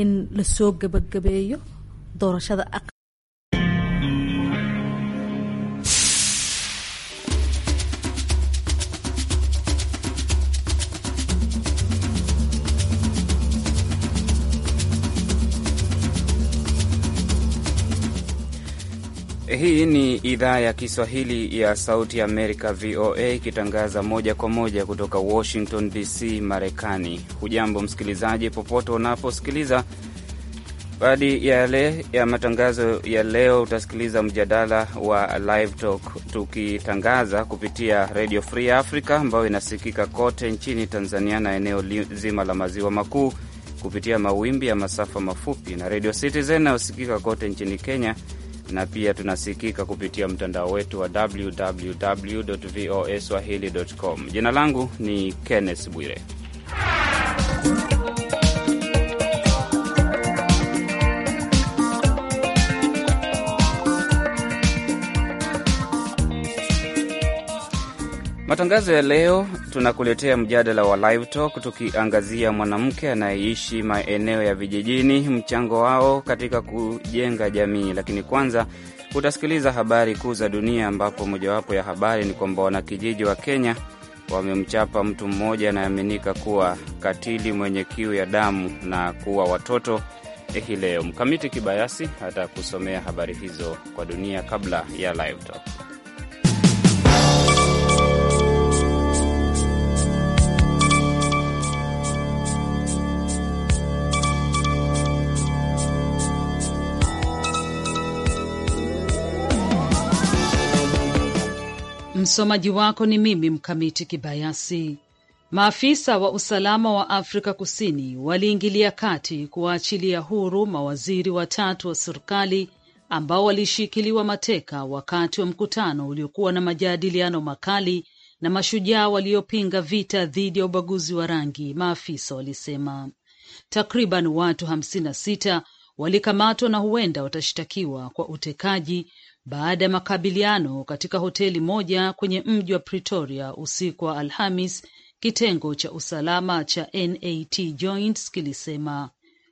in lasoo gabagabeeyo doorashada Hii ni idhaa ya Kiswahili ya Sauti ya Amerika, VOA, ikitangaza moja kwa moja kutoka Washington DC, Marekani. Hujambo msikilizaji, popote unaposikiliza. Baadi ya yale ya matangazo ya leo, utasikiliza mjadala wa Live Talk tukitangaza kupitia Radio Free Africa ambayo inasikika kote nchini Tanzania na eneo zima la maziwa makuu kupitia mawimbi ya masafa mafupi na Radio Citizen inayosikika kote nchini Kenya na pia tunasikika kupitia mtandao wetu wa www voa swahili com. Jina langu ni Kenneth Bwire. Matangazo ya leo tunakuletea mjadala wa Live Talk tukiangazia mwanamke anayeishi maeneo ya vijijini, mchango wao katika kujenga jamii. Lakini kwanza utasikiliza habari kuu za dunia, ambapo mojawapo ya habari ni kwamba wanakijiji wa Kenya wamemchapa mtu mmoja anayeaminika kuwa katili mwenye kiu ya damu na kuwa watoto hii leo. Mkamiti Kibayasi atakusomea habari hizo kwa dunia kabla ya Live Talk. Msomaji wako ni mimi Mkamiti Kibayasi. Maafisa wa usalama wa Afrika Kusini waliingilia kati kuwaachilia huru mawaziri watatu wa serikali ambao walishikiliwa mateka wakati wa mkutano uliokuwa na majadiliano makali na mashujaa waliopinga vita dhidi ya ubaguzi wa rangi, maafisa walisema. Takriban watu 56 walikamatwa na huenda watashtakiwa kwa utekaji, baada ya makabiliano katika hoteli moja kwenye mji wa Pretoria usiku wa Alhamis. Kitengo cha usalama cha NAT Joints kilisema.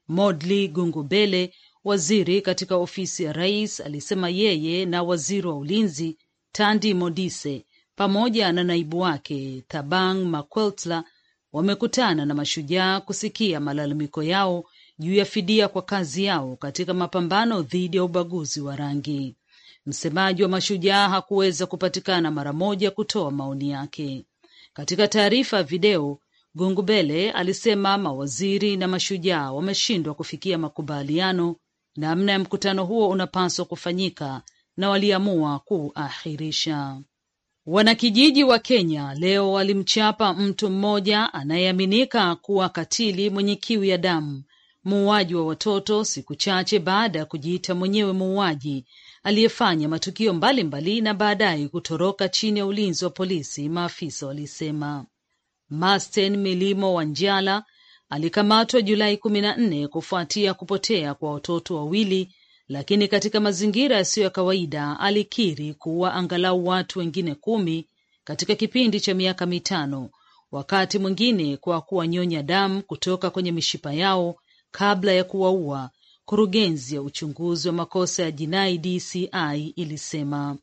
Modli Gungubele, waziri katika ofisi ya rais, alisema yeye na waziri wa ulinzi Tandi Modise pamoja na naibu wake Thabang Makweltla wamekutana na mashujaa kusikia malalamiko yao juu ya fidia kwa kazi yao katika mapambano dhidi ya ubaguzi wa rangi. Msemaji wa mashujaa hakuweza kupatikana mara moja kutoa maoni yake. Katika taarifa ya video, Gungubele alisema mawaziri na mashujaa wameshindwa kufikia makubaliano namna ya mkutano huo unapaswa kufanyika na waliamua kuahirisha. Wanakijiji wa Kenya leo walimchapa mtu mmoja anayeaminika kuwa katili mwenye kiu ya damu, muuaji wa watoto, siku chache baada ya kujiita mwenyewe muuaji aliyefanya matukio mbalimbali mbali na baadaye kutoroka chini ya ulinzi wa polisi, maafisa walisema. Masten Milimo wa Njala alikamatwa Julai kumi na nne kufuatia kupotea kwa watoto wawili, lakini katika mazingira yasiyo ya kawaida alikiri kuwa angalau watu wengine kumi katika kipindi cha miaka mitano, wakati mwingine kwa kuwanyonya damu kutoka kwenye mishipa yao kabla ya kuwaua Kurugenzi ya uchunguzi wa makosa ya jinai DCI ilisema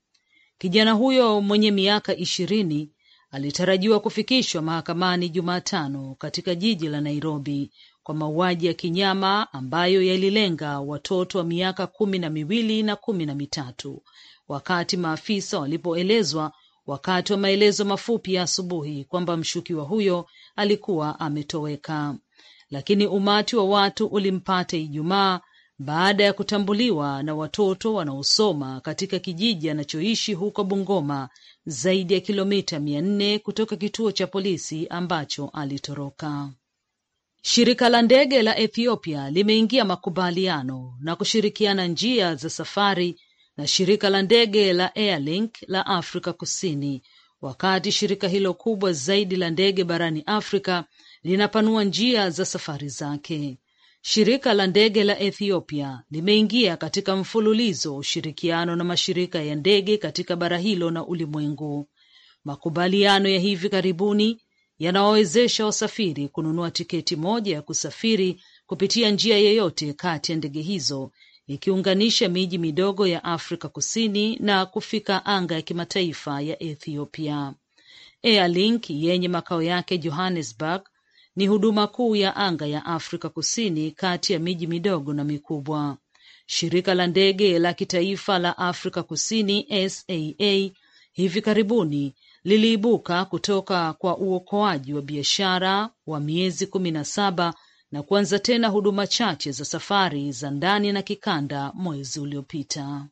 kijana huyo mwenye miaka ishirini alitarajiwa kufikishwa mahakamani Jumatano katika jiji la Nairobi kwa mauaji ya kinyama ambayo yalilenga watoto wa miaka kumi na miwili na kumi na mitatu wakati maafisa walipoelezwa wakati wa maelezo mafupi ya asubuhi kwamba mshukiwa huyo alikuwa ametoweka, lakini umati wa watu ulimpata Ijumaa baada ya kutambuliwa na watoto wanaosoma katika kijiji anachoishi huko Bungoma, zaidi ya kilomita mia nne kutoka kituo cha polisi ambacho alitoroka. Shirika la ndege la Ethiopia limeingia makubaliano na kushirikiana njia za safari na shirika la ndege la Airlink la Afrika Kusini, wakati shirika hilo kubwa zaidi la ndege barani Afrika linapanua njia za safari zake. Shirika la ndege la Ethiopia limeingia katika mfululizo wa ushirikiano na mashirika ya ndege katika bara hilo na ulimwengu. Makubaliano ya hivi karibuni yanawawezesha wasafiri kununua tiketi moja ya kusafiri kupitia njia yeyote kati ya ndege hizo ikiunganisha miji midogo ya Afrika Kusini na kufika anga ya kimataifa ya Ethiopia. Airlink yenye makao yake Johannesburg ni huduma kuu ya anga ya Afrika Kusini kati ya miji midogo na mikubwa. Shirika la ndege la kitaifa la Afrika Kusini SAA hivi karibuni liliibuka kutoka kwa uokoaji wa biashara wa miezi kumi na saba na kuanza tena huduma chache za safari za ndani na kikanda mwezi uliopita.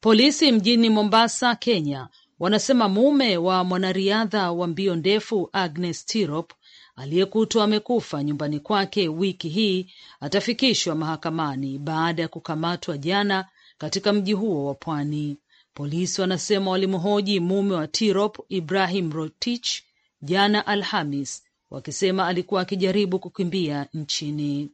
Polisi mjini Mombasa, Kenya wanasema mume wa mwanariadha wa mbio ndefu Agnes Tirop aliyekutwa amekufa nyumbani kwake wiki hii atafikishwa mahakamani baada ya kukamatwa jana katika mji huo wa pwani. Polisi wanasema walimhoji mume wa Tirop Ibrahim Rotich jana Alhamis, wakisema alikuwa akijaribu kukimbia nchini.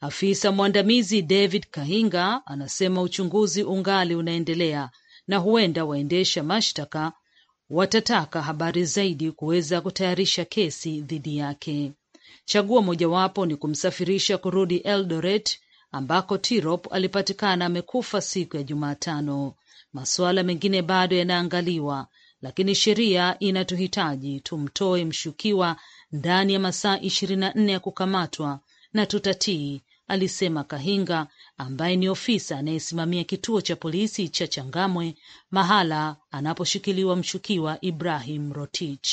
Afisa mwandamizi David Kahinga anasema uchunguzi ungali unaendelea na huenda waendesha mashtaka watataka habari zaidi kuweza kutayarisha kesi dhidi yake. Chaguo mojawapo ni kumsafirisha kurudi Eldoret ambako Tirop alipatikana amekufa siku ya Jumatano. Masuala mengine bado yanaangaliwa, lakini sheria inatuhitaji tumtoe mshukiwa ndani ya masaa ishirini na nne ya kukamatwa na tutatii alisema Kahinga ambaye ni ofisa anayesimamia kituo cha polisi cha Changamwe mahala anaposhikiliwa mshukiwa Ibrahim Rotich.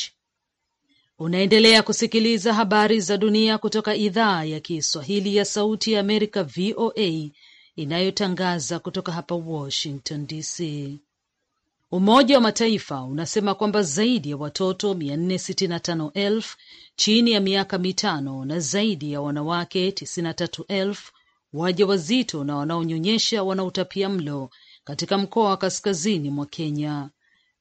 Unaendelea kusikiliza habari za dunia kutoka idhaa ya Kiswahili ya Sauti ya Amerika, VOA, inayotangaza kutoka hapa Washington DC. Umoja wa Mataifa unasema kwamba zaidi ya watoto 465,000 chini ya miaka mitano na zaidi ya wanawake tisini na tatu elfu na wanaonyonyesha wana mlo katika mkoa wa kaskazini mwa Kenya.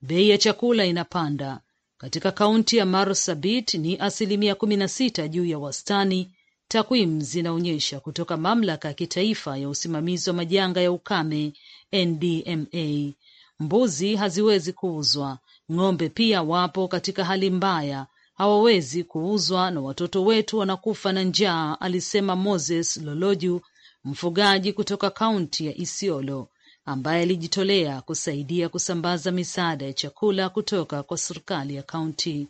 Bei ya chakula inapanda. Katika kaunti ya Marsabit ni asilimia kumi na sita juu ya wastani, takwimu zinaonyesha kutoka mamlaka ya kitaifa ya usimamizi wa majanga ya ukame NDMA. Mbuzi haziwezi kuuzwa, ng'ombe pia wapo katika hali mbaya hawawezi kuuzwa na watoto wetu wanakufa na njaa alisema Moses Loloju mfugaji kutoka kaunti ya Isiolo ambaye alijitolea kusaidia kusambaza misaada ya chakula kutoka kwa serikali ya kaunti.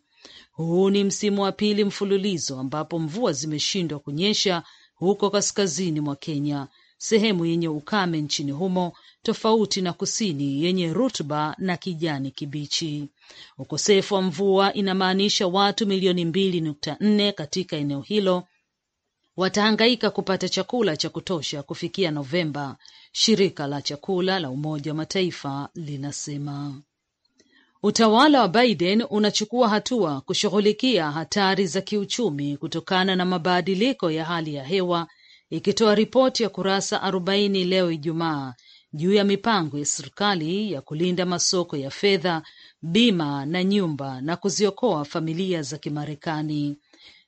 Huu ni msimu wa pili mfululizo ambapo mvua zimeshindwa kunyesha huko kaskazini mwa Kenya, sehemu yenye ukame nchini humo, tofauti na kusini yenye rutuba na kijani kibichi. Ukosefu wa mvua inamaanisha watu milioni mbili nukta nne katika eneo hilo watahangaika kupata chakula cha kutosha kufikia Novemba, shirika la chakula la Umoja wa Mataifa linasema. Utawala wa Biden unachukua hatua kushughulikia hatari za kiuchumi kutokana na mabadiliko ya hali ya hewa, ikitoa ripoti ya kurasa 40 leo Ijumaa juu ya mipango ya serikali ya kulinda masoko ya fedha bima na nyumba na kuziokoa familia za Kimarekani.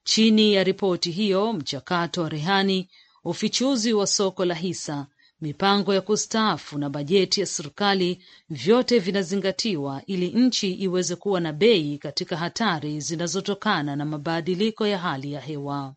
Chini ya ripoti hiyo, mchakato wa rehani, ufichuzi wa soko la hisa, mipango ya kustaafu na bajeti ya serikali, vyote vinazingatiwa ili nchi iweze kuwa na bei katika hatari zinazotokana na mabadiliko ya hali ya hewa.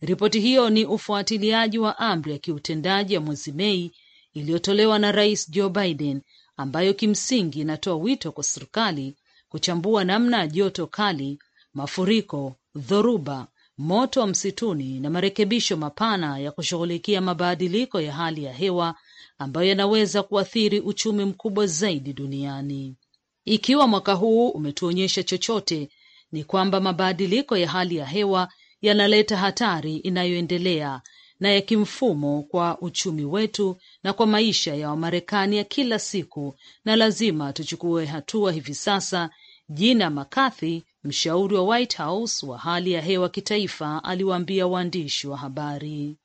Ripoti hiyo ni ufuatiliaji wa amri ya kiutendaji ya mwezi Mei iliyotolewa na Rais Joe Biden ambayo kimsingi inatoa wito kwa serikali kuchambua namna joto kali, mafuriko, dhoruba, moto wa msituni na marekebisho mapana ya kushughulikia mabadiliko ya hali ya hewa ambayo yanaweza kuathiri uchumi mkubwa zaidi duniani. Ikiwa mwaka huu umetuonyesha chochote, ni kwamba mabadiliko ya hali ya hewa yanaleta hatari inayoendelea na ya kimfumo kwa uchumi wetu na kwa maisha ya Wamarekani ya kila siku, na lazima tuchukue hatua hivi sasa. Jina McCarthy, mshauri wa White House wa hali ya hewa kitaifa, aliwaambia waandishi wa habari.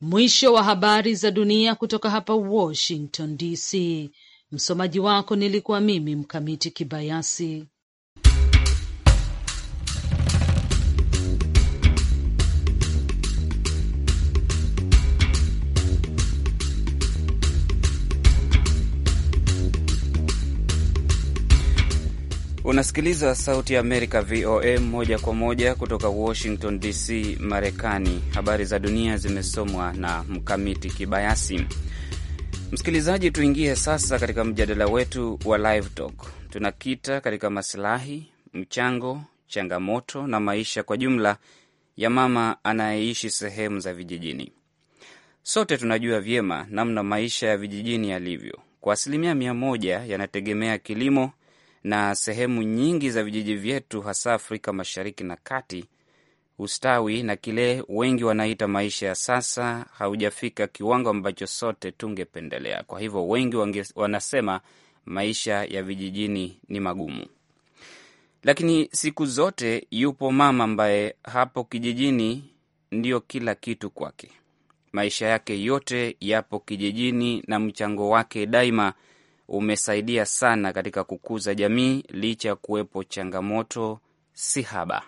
Mwisho wa habari za dunia kutoka hapa Washington DC. Msomaji wako nilikuwa mimi Mkamiti Kibayasi. Unasikiliza Sauti ya Amerika, VOA, moja kwa moja kutoka Washington DC, Marekani. Habari za dunia zimesomwa na Mkamiti Kibayasi. Msikilizaji, tuingie sasa katika mjadala wetu wa Live Talk. Tunakita katika masilahi, mchango, changamoto na maisha kwa jumla ya mama anayeishi sehemu za vijijini. Sote tunajua vyema namna maisha ya vijijini yalivyo. Kwa asilimia mia moja yanategemea kilimo na sehemu nyingi za vijiji vyetu, hasa Afrika Mashariki na Kati, ustawi na kile wengi wanaita maisha ya sasa haujafika kiwango ambacho sote tungependelea. Kwa hivyo wengi wange, wanasema maisha ya vijijini ni magumu, lakini siku zote yupo mama ambaye hapo kijijini ndiyo kila kitu kwake. Maisha yake yote yapo kijijini na mchango wake daima umesaidia sana katika kukuza jamii licha ya kuwepo changamoto si haba.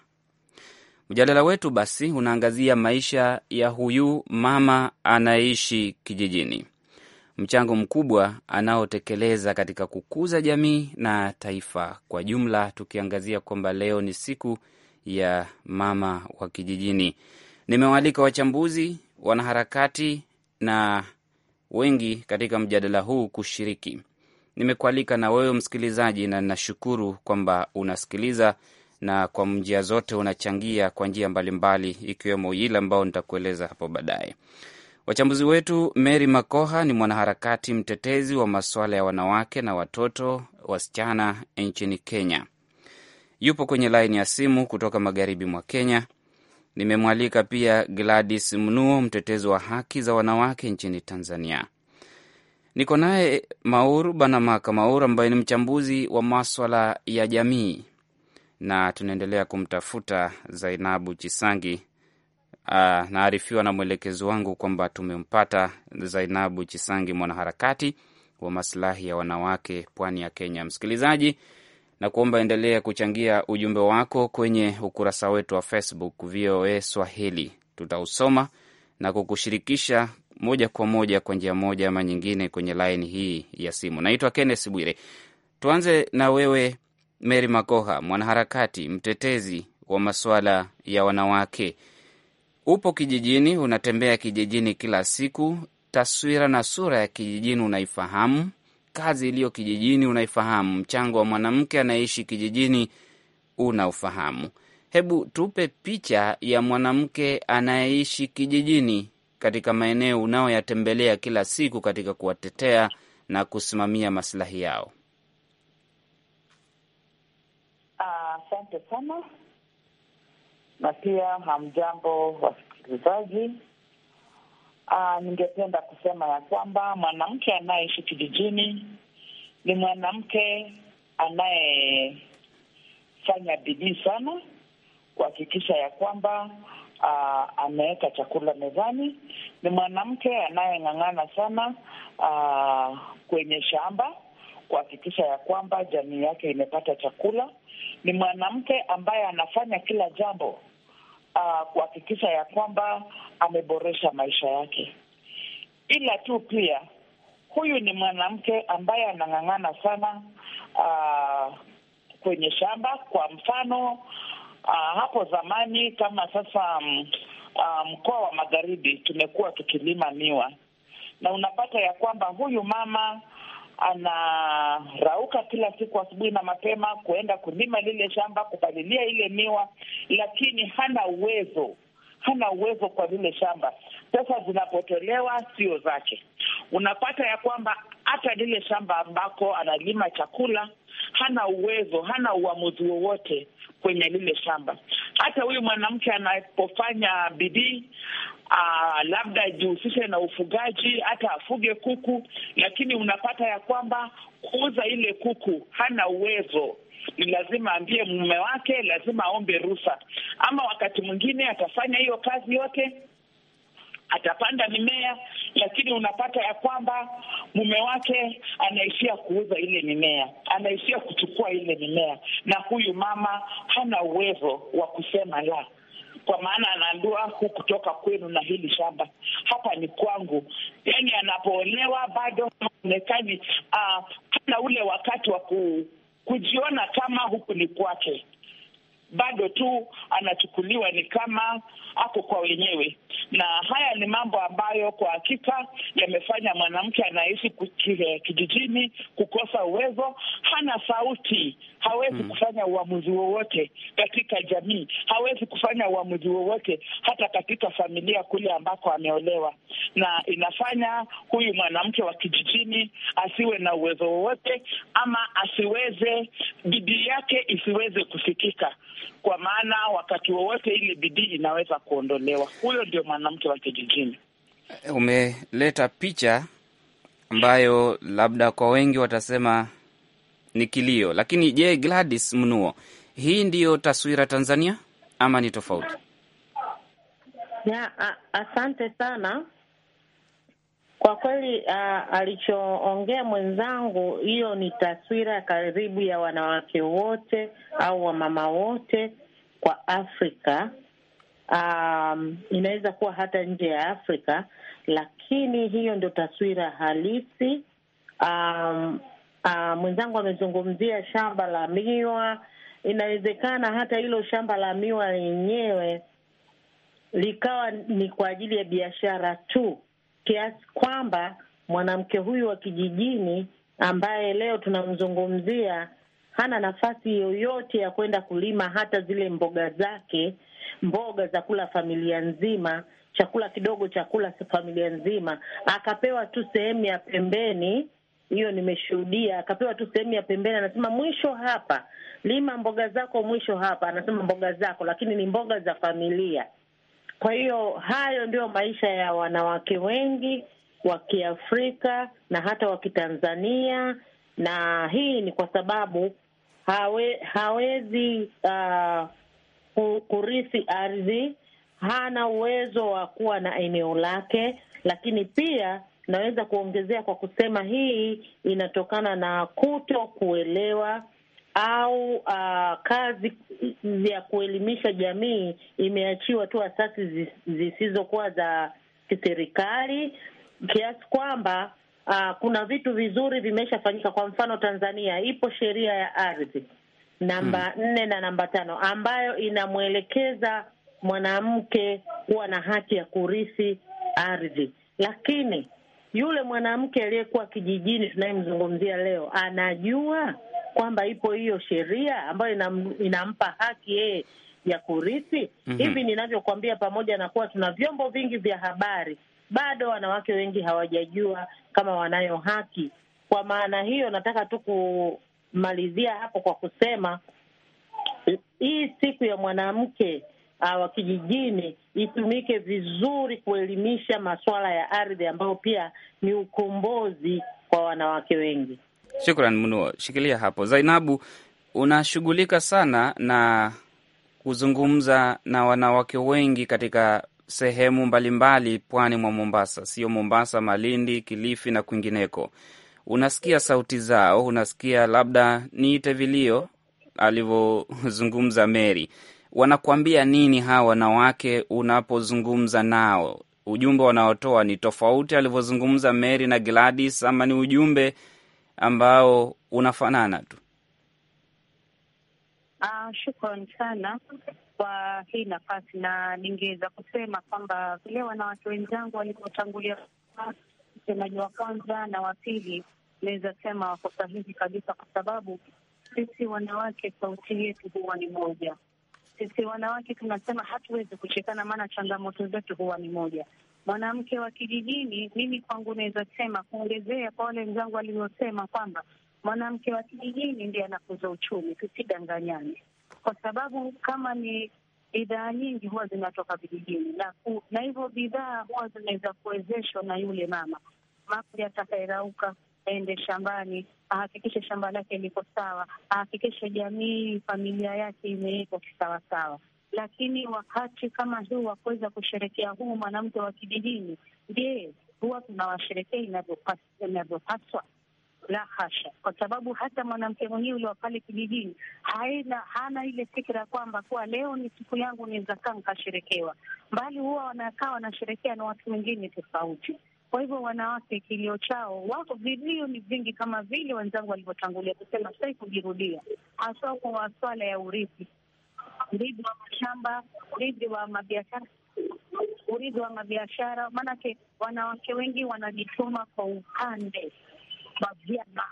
Mjadala wetu basi unaangazia maisha ya huyu mama anayeishi kijijini, mchango mkubwa anaotekeleza katika kukuza jamii na taifa kwa jumla, tukiangazia kwamba leo ni siku ya mama wa kijijini. Nimewaalika wachambuzi, wanaharakati na wengi katika mjadala huu kushiriki nimekualika na wewe msikilizaji, na ninashukuru kwamba unasikiliza na kwa njia zote unachangia kwa njia mbalimbali, ikiwemo ile ambayo nitakueleza hapo baadaye. Wachambuzi wetu Mary Makoha ni mwanaharakati mtetezi wa masuala ya wanawake na watoto wasichana nchini Kenya, yupo kwenye laini ya simu kutoka magharibi mwa Kenya. Nimemwalika pia Gladys Mnuo, mtetezi wa haki za wanawake nchini Tanzania. Niko naye Maur Banamaka Maur ambaye ni mchambuzi wa maswala ya jamii, na tunaendelea kumtafuta Zainabu Chisangi. Uh, naarifiwa na mwelekezi wangu kwamba tumempata Zainabu Chisangi, mwanaharakati wa masilahi ya wanawake pwani ya Kenya. Msikilizaji, na kuomba endelea kuchangia ujumbe wako kwenye ukurasa wetu wa Facebook VOA Swahili, tutausoma na kukushirikisha moja kwa moja kwa njia moja ama nyingine kwenye laini hii ya simu. Naitwa Kenneth Bwire. Tuanze na wewe Mary Makoha, mwanaharakati mtetezi wa masuala ya wanawake. Upo kijijini, unatembea kijijini kila siku, taswira na sura ya kijijini unaifahamu, kazi iliyo kijijini unaifahamu, mchango wa mwanamke anayeishi kijijini unaufahamu. Hebu tupe picha ya mwanamke anayeishi kijijini katika maeneo unaoyatembelea kila siku katika kuwatetea na kusimamia masilahi yao? Asante uh, sana na pia hamjambo wasikilizaji. Uh, ningependa kusema ya kwamba mwanamke anayeishi kijijini ni mwanamke anayefanya bidii sana kuhakikisha ya kwamba uh, ameweka chakula mezani. Ni mwanamke anayeng'ang'ana sana uh, kwenye shamba kuhakikisha ya kwamba jamii yake imepata chakula. Ni mwanamke ambaye anafanya kila jambo uh, kuhakikisha ya kwamba ameboresha maisha yake, ila tu pia huyu ni mwanamke ambaye anang'ang'ana sana uh, kwenye shamba. Kwa mfano Uh, hapo zamani kama sasa mm, ah, mkoa um, wa Magharibi tumekuwa tukilima miwa na unapata ya kwamba huyu mama anarauka kila siku asubuhi na mapema kuenda kulima lile shamba, kupalilia ile miwa, lakini hana uwezo hana uwezo kwa lile shamba. Pesa zinapotolewa sio zake. Unapata ya kwamba hata lile shamba ambako analima chakula, hana uwezo, hana uamuzi wowote kwenye lile shamba. Hata huyu mwanamke anapofanya bidii Uh, labda ajihusishe na ufugaji hata afuge kuku, lakini unapata ya kwamba kuuza ile kuku hana uwezo. Ni lazima aambie mume wake, lazima aombe ruhusa, ama wakati mwingine atafanya hiyo kazi yote, atapanda mimea, lakini unapata ya kwamba mume wake anaishia kuuza ile mimea, anaishia kuchukua ile mimea, na huyu mama hana uwezo wa kusema la kwa maana anaambiwa hukutoka kwenu na hili shamba hapa ni kwangu. Yani anapoolewa bado haonekani, ah, hana ule wakati wa ku, kujiona kama huku ni kwake bado tu anachukuliwa ni kama ako kwa wenyewe, na haya ni mambo ambayo kwa hakika yamefanya mwanamke anaishi kijijini kukosa uwezo, hana sauti hawezi mm, kufanya uamuzi wowote katika jamii, hawezi kufanya uamuzi wowote hata katika familia kule ambako ameolewa, na inafanya huyu mwanamke wa kijijini asiwe na uwezo wowote ama asiweze, bidii yake isiweze kufikika, kwa maana wakati wowote ile bidii inaweza kuondolewa. Huyo ndio mwanamke wa kijijini. Umeleta picha ambayo labda kwa wengi watasema ni kilio. Lakini je, Gladys Mnuo, hii ndiyo taswira Tanzania ama ni tofauti? Ya, asante sana kwa kweli. Uh, alichoongea mwenzangu, hiyo ni taswira karibu ya wanawake wote au wamama wote kwa Afrika. Um, inaweza kuwa hata nje ya Afrika, lakini hiyo ndio taswira halisi um, Uh, mwenzangu amezungumzia shamba la miwa. Inawezekana hata hilo shamba la miwa lenyewe likawa ni kwa ajili ya biashara tu, kiasi kwamba mwanamke huyu wa kijijini ambaye leo tunamzungumzia hana nafasi yoyote ya kwenda kulima hata zile mboga zake, mboga za kula familia nzima, chakula kidogo cha kula familia nzima, akapewa tu sehemu ya pembeni hiyo nimeshuhudia. Akapewa tu sehemu ya pembeni, anasema mwisho hapa, lima mboga zako mwisho hapa, anasema mboga zako, lakini ni mboga za familia. Kwa hiyo hayo ndiyo maisha ya wanawake wengi wa Kiafrika na hata wa Kitanzania, na hii ni kwa sababu hawe, hawezi uh, kurithi ardhi, hana uwezo wa kuwa na eneo lake, lakini pia Naweza kuongezea kwa kusema hii inatokana na kuto kuelewa au uh, kazi ya kuelimisha jamii imeachiwa tu asasi zisizokuwa za kiserikali, kiasi kwamba uh, kuna vitu vizuri vimeshafanyika. Kwa mfano, Tanzania ipo sheria ya ardhi namba hmm. nne hmm, na namba tano ambayo inamwelekeza mwanamke kuwa na haki ya kurithi ardhi, lakini yule mwanamke aliyekuwa kijijini tunayemzungumzia leo anajua kwamba ipo hiyo sheria ambayo inam, inampa haki yeye ya kurithi. mm hivi ninavyokwambia pamoja na kuwa tuna vyombo vingi vya habari, bado wanawake wengi hawajajua kama wanayo haki. Kwa maana hiyo, nataka tu kumalizia hapo kwa kusema hii siku ya mwanamke Uh, wa kijijini itumike vizuri kuelimisha masuala ya ardhi ambayo pia ni ukombozi kwa wanawake wengi. Shukran Mnuo, shikilia hapo. Zainabu, unashughulika sana na kuzungumza na wanawake wengi katika sehemu mbalimbali pwani mwa Mombasa, sio Mombasa, Malindi, Kilifi na kwingineko. Unasikia sauti zao, unasikia labda niite vilio alivyozungumza Meri wanakuambia nini hawa wanawake unapozungumza nao? Ujumbe wanaotoa ni tofauti alivyozungumza Mary na Gladys, ama ni ujumbe ambao unafanana tu? Uh, shukran sana kwa hii nafasi, na ningeweza kusema kwamba vile wanawake wenzangu walivyotangulia, msemaji wa kwanza na wa pili, naweza sema wako sahihi kabisa, kwa sababu sisi wanawake sauti yetu huwa ni moja sisi wanawake tunasema hatuwezi kushikana, maana changamoto zetu huwa ni moja. Mwanamke wa kijijini, mimi kwangu naweza sema kuongezea kwa wale wenzangu waliosema kwamba mwanamke wa kijijini ndiye anakuza uchumi, tusidanganyane, kwa sababu kama ni bidhaa nyingi huwa zinatoka vijijini na, na hivyo bidhaa huwa zinaweza kuwezeshwa na yule mama mapya atakayerauka aende shambani, ahakikishe shamba lake liko sawa, ahakikishe jamii, familia yake imewekwa kisawasawa. Lakini wakati kama huu wa kuweza kusherekea huu mwanamke wa kijijini, je, huwa tunawasherekea inavyopaswa? La hasha, kwa sababu hata mwanamke mwenyewe uliwa pale kijijini haina hana ile fikira ya kwamba kuwa leo ni siku yangu, niweza kaa nikasherekewa, mbali huwa wanakaa wanasherekea na watu wengine tofauti. Kwa hivyo wanawake, kilio chao, wako vilio ni vingi, kama vile wenzangu walivyotangulia kusema, sitaki kujirudia, haswa kwa maswala ya urithi, urithi wa mashamba, urithi wa mabiashara urithi wa mabiashara. Maanake wanawake wengi wanajituma kwa upande wa vyama,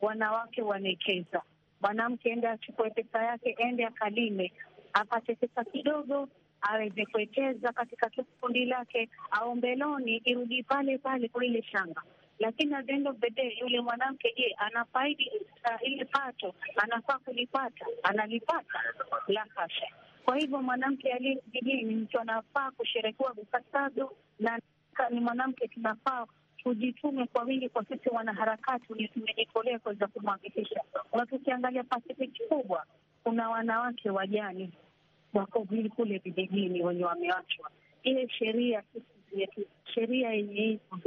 wanawake wanekeza Mwanamke ende achukue pesa yake, ende akalime, apate pesa kidogo, aweze kuwekeza katika kundi lake, au mbeloni irudi pale pale kwa ile shanga lakini at the end of the day yule mwanamke, je, anafaidi uh, ile pato anafaa kulipata analipata? La hasha. Kwa hivyo mwanamke aliye kijijini mtu anafaa kusherekewa vipasavyo, na ni mwanamke tunafaa tujitume kwa wingi, kwa sisi wanaharakati wenye tumejikolea kuweza kumhakikisha. Na tukiangalia Pasifiki kubwa, kuna wanawake wajani wako vile kule vijijini wenye wameachwa. Ile sheria sheria yenye iko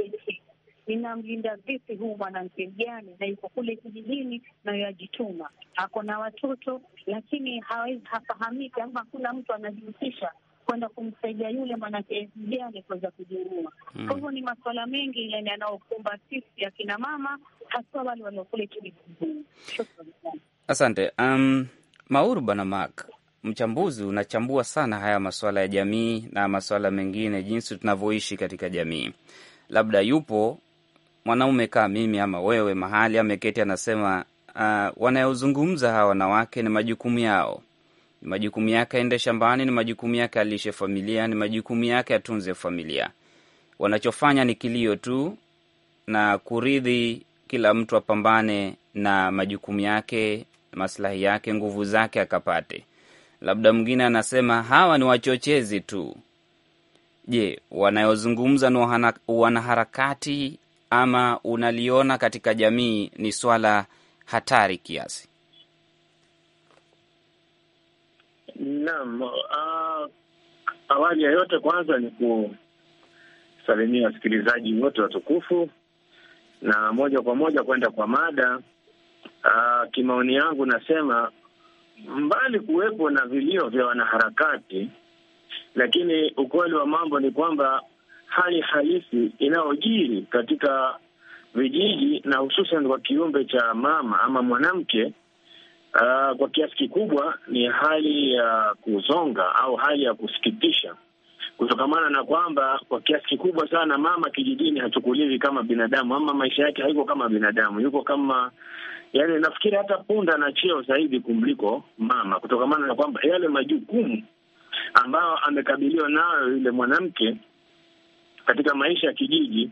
inamlinda vipi huu mwanamke mjane yaani, na iko kule kijijini na yajituma, ako na watoto lakini hawezi hafahamiki, ama hakuna mtu anajihusisha kwenda kumsaidia yule mwanamke mjane yaani kuweza kujiunua Kwa hivyo ni masuala mengi yani yanaokumba sisi akina mama, haswa wale waliokule kijijini. Asante um, Mauru Bwana Mark mchambuzi unachambua sana haya maswala ya jamii na maswala mengine, jinsi tunavyoishi katika jamii. Labda yupo mwanaume kama mimi ama wewe mahali ameketi, anasema uh, ah, wanayozungumza hawa wanawake ni majukumu yao, ni majukumu yake aende shambani, ni majukumu yake alishe familia, ni majukumu yake atunze familia. Wanachofanya ni kilio tu na kuridhi, kila mtu apambane na majukumu yake, maslahi yake, nguvu zake akapate Labda mwingine anasema hawa ni wachochezi tu. Je, wanayozungumza ni wanaharakati ama unaliona katika jamii ni swala hatari kiasi? Naam, uh, awali ya yote kwanza ni kusalimia wasikilizaji wote watukufu na moja kwa moja kwenda kwa mada. Uh, kimaoni yangu nasema mbali kuwepo na vilio vya wanaharakati, lakini ukweli wa mambo ni kwamba hali halisi inayojiri katika vijiji na hususan kwa kiumbe cha mama ama mwanamke uh, kwa kiasi kikubwa ni hali ya kuzonga au hali ya kusikitisha kutokamana na kwamba kwa kiasi kikubwa sana mama kijijini hachukuliwi kama binadamu, ama maisha yake haiko kama binadamu, yuko kama yani, nafikiri hata punda na cheo zaidi kumliko mama, kutokamana na kwamba yale majukumu ambayo amekabiliwa nayo yule mwanamke katika maisha ya kijiji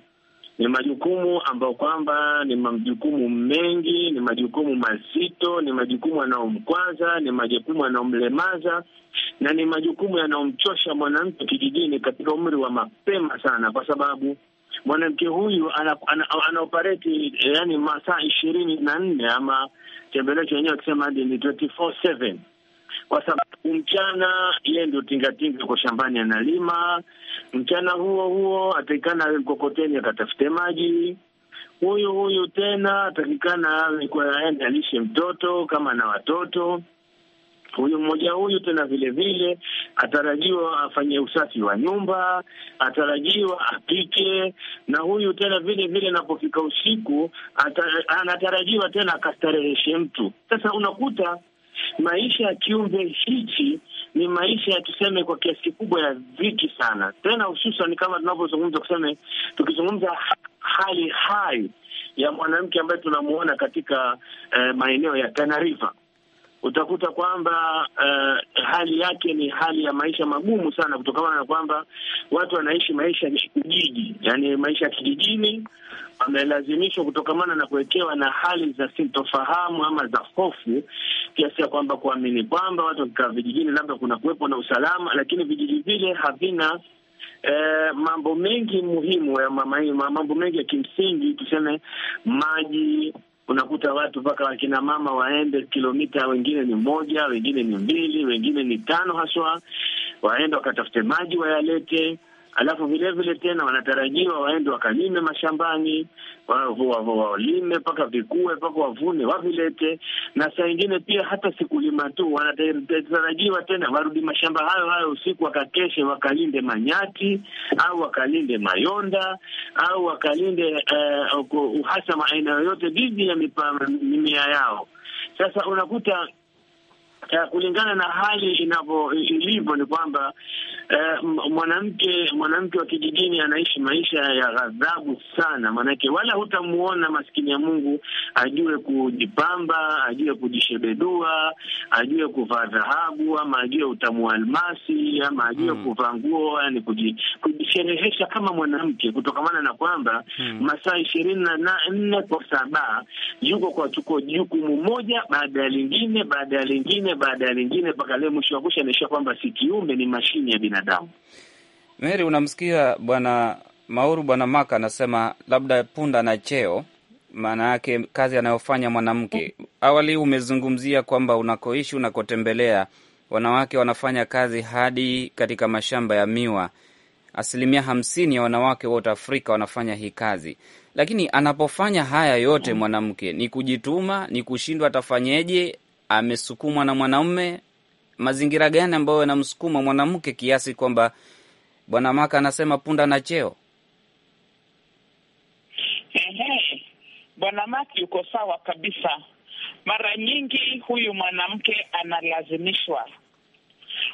ni majukumu ambayo kwamba ni majukumu mengi, ni majukumu mazito, ni majukumu yanayomkwaza, ni majukumu yanayomlemaza na ni majukumu yanayomchosha mwanamke kijijini katika umri wa mapema sana, kwa sababu mwanamke huyu ana, ana, ana yani masaa ishirini na nne ama tembelecho wenyewe akisema hadi ni 24/7 kwa sababu mchana yeye ndio tingatinga kwa shambani analima, mchana huo huo atakikana awe mkokoteni akatafute maji, huyu huyu tena atakikana aende yaani alishe mtoto kama na watoto huyu mmoja huyu tena vile vile atarajiwa afanye usafi wa nyumba, atarajiwa apike, na huyu tena vile vile anapofika usiku anatarajiwa tena akastareheshe mtu. Sasa unakuta maisha ya kiumbe hichi ni maisha ya tuseme, kwa kiasi kikubwa ya dhiki sana, tena hususan kama tunavyozungumza kuseme, tukizungumza hali hai ya mwanamke ambaye tunamuona katika eh, maeneo ya Tanariva utakuta kwamba uh, hali yake ni hali ya maisha magumu sana, kutokana na kwamba watu wanaishi maisha ya kijiji, yani maisha ya kijijini, wamelazimishwa kutokamana na kuwekewa na hali za sintofahamu ama za hofu, kiasi ya kwamba kuamini kwamba watu wakikaa vijijini labda kuna kuwepo na usalama, lakini vijiji vile havina Eh, mambo mengi muhimu ya mambo mengi ya kimsingi tuseme, maji, unakuta watu mpaka wakina mama waende kilomita, wengine ni moja, wengine ni mbili, wengine ni tano haswa, waende wakatafute maji wayalete alafu vile vile tena wanatarajiwa waende wakalime mashambani, walime mpaka vikue, mpaka wavune, wavilete. Na saa ingine pia hata sikulima tu, wanatarajiwa tena warudi mashamba hayo hayo usiku, wakakeshe, wakalinde manyati au wakalinde mayonda au wakalinde uhasama eh, aina yoyote dhidi ya mimea yao. Sasa unakuta Uh, kulingana na hali inavyo ilivyo ni kwamba uh, mwanamke mwanamke wa kijijini anaishi maisha ya ghadhabu sana, maanake wala hutamuona maskini ya Mungu ajue kujipamba, ajue kujishebedua, ajue kuvaa dhahabu ama ajue utamu wa almasi ama ajue mm, kuvaa nguo, yani kujisherehesha kama mwanamke, kutokamana na kwamba mm, masaa ishirini na nne kwa saba yuko kwa chuko jukumu moja baada ya lingine baada ya lingine lingine baada ya lingine mpaka leo mwisho wa kusha inaishia kwamba si kiumbe, ni mashini ya binadamu. Meri, unamsikia bwana Mauru, bwana Maka anasema labda punda na cheo, maana yake kazi anayofanya mwanamke. Awali umezungumzia kwamba unakoishi, unakotembelea, wanawake wanafanya kazi hadi katika mashamba ya miwa. Asilimia hamsini ya wanawake wote Afrika wanafanya hii kazi, lakini anapofanya haya yote mwanamke, ni kujituma, ni kushindwa, atafanyeje? amesukumwa na mwanaume? Mazingira gani ambayo yanamsukuma mwanamke kiasi kwamba Bwana Maka anasema punda na cheo? Bwana Maki yuko sawa kabisa. Mara nyingi huyu mwanamke analazimishwa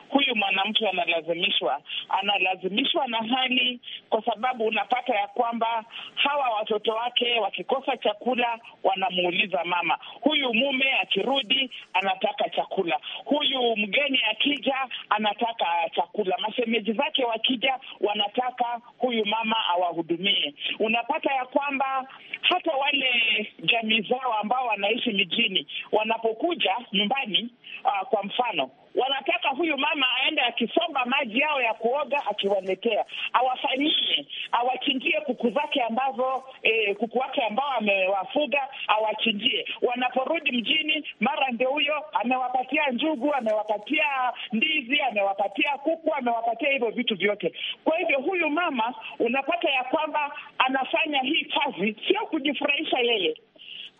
huyu mwanamke analazimishwa, analazimishwa na hali, kwa sababu unapata ya kwamba hawa watoto wake wakikosa chakula wanamuuliza mama. Huyu mume akirudi anataka chakula, huyu mgeni akija anataka chakula, mashemeji zake wakija wanataka huyu mama awahudumie. Unapata ya kwamba hata wale jamii zao ambao wanaishi mijini wanapokuja nyumbani, uh, kwa mfano wanataka huyu mama aende akisomba maji yao ya kuoga akiwaletea, awafanyie, awachinjie kuku zake ambazo e, kuku wake ambao amewafuga awachinjie. Wanaporudi mjini, mara ndio huyo amewapatia njugu, amewapatia ndizi, amewapatia kuku, amewapatia hivyo vitu vyote. Kwa hivyo huyu mama unapata ya kwamba anafanya hii kazi sio kujifurahisha yeye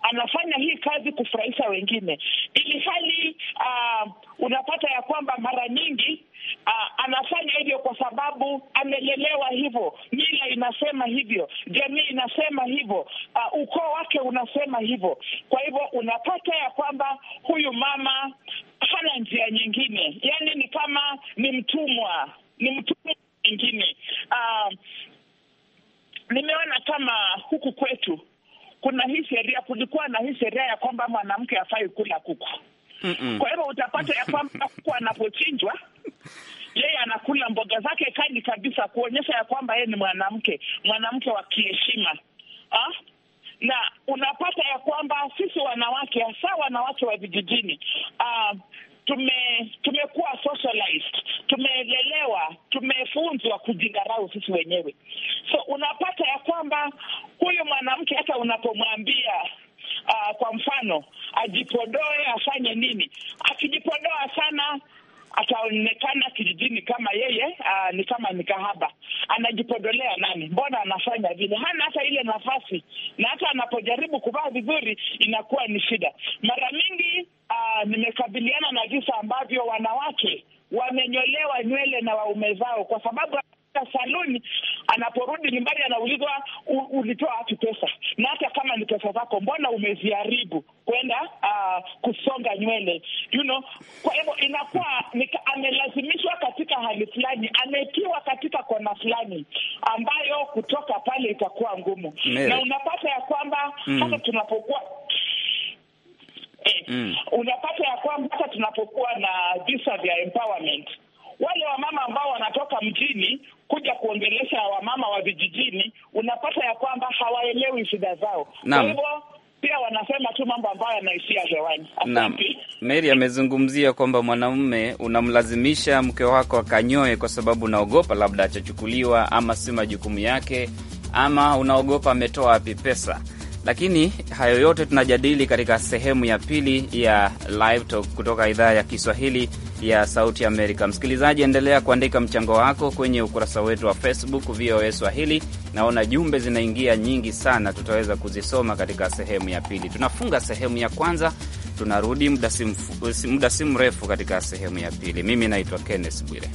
anafanya hii kazi kufurahisha wengine, ili hali uh, unapata ya kwamba mara nyingi uh, anafanya hivyo kwa sababu amelelewa hivyo, mila inasema hivyo, jamii inasema hivyo, uh, ukoo wake unasema hivyo. Kwa hivyo unapata ya kwamba huyu mama hana njia nyingine, yani ni kama ni mtumwa, ni mtumwa mwingine. Uh, nimeona kama huku kwetu kuna hii sheria, kulikuwa na hii sheria ya kwamba mwanamke hafai kula kuku. Kwa hivyo utapata ya kwamba kuku anapochinjwa yeye anakula mboga zake kali kabisa, kuonyesha ya kwamba yeye ni mwanamke, mwanamke wa kiheshima ah? na unapata ya kwamba sisi wanawake, hasa wanawake wa vijijini, ah, tume tumekuwa socialized, tumelelewa, tumefunzwa kujingarau sisi wenyewe. So unapata ya kwamba huyu mwanamke hata unapomwambia uh, kwa mfano ajipodoe afanye nini, akijipodoa sana ataonekana kijijini kama yeye uh, ni kama ni kahaba. Anajipodolea nani? Mbona anafanya vile? Hana hata ile nafasi, na hata anapojaribu kuvaa vizuri inakuwa ni shida. Mara mingi nimekabiliana na visa ambavyo wanawake wamenyolewa nywele na waume zao kwa sababu saluni anaporudi nyumbani anaulizwa ulitoa wapi pesa, na hata kama ni pesa zako, mbona umeziharibu kwenda uh, kusonga nywele you know? Kwa hivyo inakuwa amelazimishwa katika hali fulani, ametiwa katika kona fulani ambayo kutoka pale itakuwa ngumu Mere. na unapata ya kwamba mm. hata tunapokuwa mm. unapata ya kwamba hata tunapokuwa na visa vya empowerment wale wamama ambao wanatoka mjini kuja kuongelesha wamama wa vijijini, unapata ya kwamba hawaelewi shida zao. Kwa hivyo pia wanasema tu mambo ambayo yanaishia hewani. Naam, Mary amezungumzia kwamba mwanaume unamlazimisha mke wako akanyoe kwa sababu unaogopa labda achachukuliwa, ama si majukumu yake, ama unaogopa ametoa wapi pesa lakini hayo yote tunajadili katika sehemu ya pili ya Live Talk kutoka idhaa ya Kiswahili ya Sauti Amerika. Msikilizaji, endelea kuandika mchango wako kwenye ukurasa wetu wa Facebook VOA Swahili. Naona jumbe zinaingia nyingi sana, tutaweza kuzisoma katika sehemu ya pili. Tunafunga sehemu ya kwanza, tunarudi muda si mrefu katika sehemu ya pili. Mimi naitwa Kenneth Bwire.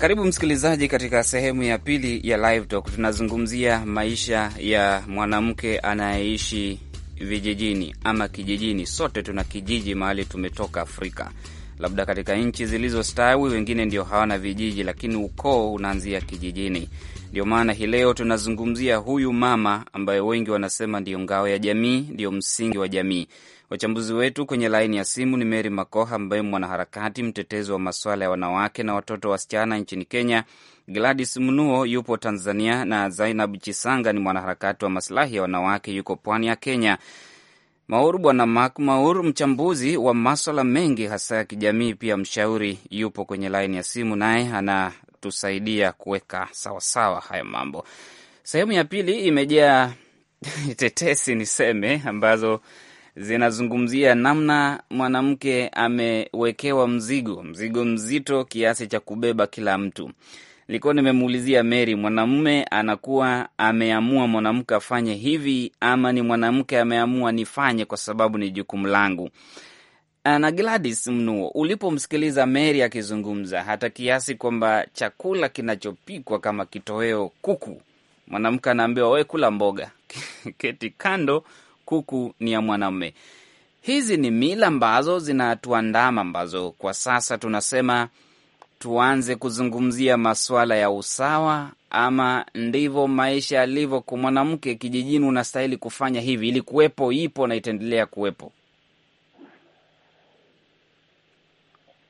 Karibu msikilizaji, katika sehemu ya pili ya Live Talk tunazungumzia maisha ya mwanamke anayeishi vijijini ama kijijini. Sote tuna kijiji mahali tumetoka Afrika, labda katika nchi zilizostawi, wengine ndio hawana vijiji, lakini ukoo unaanzia kijijini. Ndio maana hii leo tunazungumzia huyu mama ambaye wengi wanasema ndiyo ngao ya jamii, ndiyo msingi wa jamii. Wachambuzi wetu kwenye laini ya simu ni Mary Makoha ambaye mwanaharakati mtetezi wa masuala ya wanawake na watoto wasichana nchini Kenya, Gladys Mnuo yupo Tanzania, na Zainab Chisanga ni mwanaharakati wa masilahi ya wanawake yuko pwani ya Kenya. Maur Bwana Mak Maur, mchambuzi wa maswala mengi hasa ya kijamii, pia mshauri, yupo kwenye laini ya simu, naye anatusaidia kuweka sawasawa haya mambo. Sehemu ya pili imejaa tetesi niseme, ambazo zinazungumzia namna mwanamke amewekewa mzigo, mzigo mzito kiasi cha kubeba kila mtu. Nilikuwa nimemuulizia Mary, mwanamume anakuwa ameamua mwanamke afanye hivi ama ni mwanamke ameamua nifanye kwa sababu ni jukumu langu? Ah, na Gladys Mnuo, ulipomsikiliza Mary akizungumza, hata kiasi kwamba chakula kinachopikwa kama kitoweo kuku, mwanamke anaambiwa we, kula mboga keti kando kuku ni ya mwanamume. Hizi ni mila ambazo zinatuandama, ambazo kwa sasa tunasema tuanze kuzungumzia masuala ya usawa, ama ndivyo maisha yalivyo. Kwa mwanamke kijijini, unastahili kufanya hivi. Ili kuwepo, ipo na itaendelea kuwepo.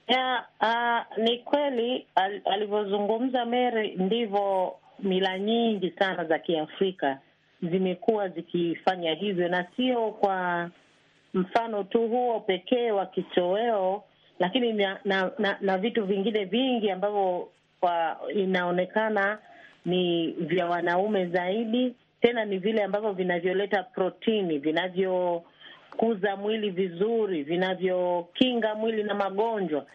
Ya, uh, ni kweli al, alivyozungumza Mary, ndivyo mila nyingi sana za Kiafrika zimekuwa zikifanya hivyo, na sio kwa mfano tu huo pekee wa kitoweo, lakini na, na, na, na vitu vingine vingi ambavyo kwa inaonekana ni vya wanaume zaidi, tena ni vile ambavyo vinavyoleta protini, vinavyokuza mwili vizuri, vinavyokinga mwili na magonjwa,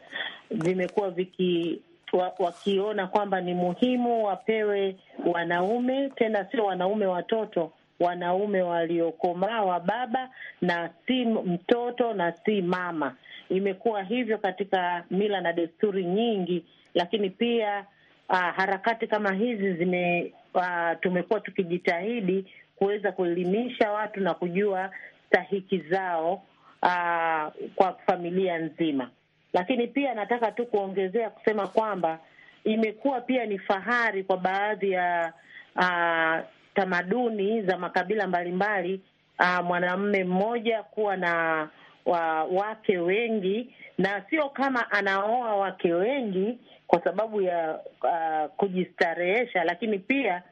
vimekuwa viki wakiona kwamba ni muhimu wapewe wanaume, tena sio wanaume watoto, wanaume waliokomaa wa baba, na si mtoto na si mama. Imekuwa hivyo katika mila na desturi nyingi, lakini pia uh, harakati kama hizi zime uh, tumekuwa tukijitahidi kuweza kuelimisha watu na kujua stahiki zao uh, kwa familia nzima. Lakini pia nataka tu kuongezea kusema kwamba imekuwa pia ni fahari kwa baadhi ya uh, tamaduni za makabila mbalimbali uh, mwanamume mmoja kuwa na wa, wake wengi, na sio kama anaoa wake wengi kwa sababu ya uh, kujistarehesha, lakini pia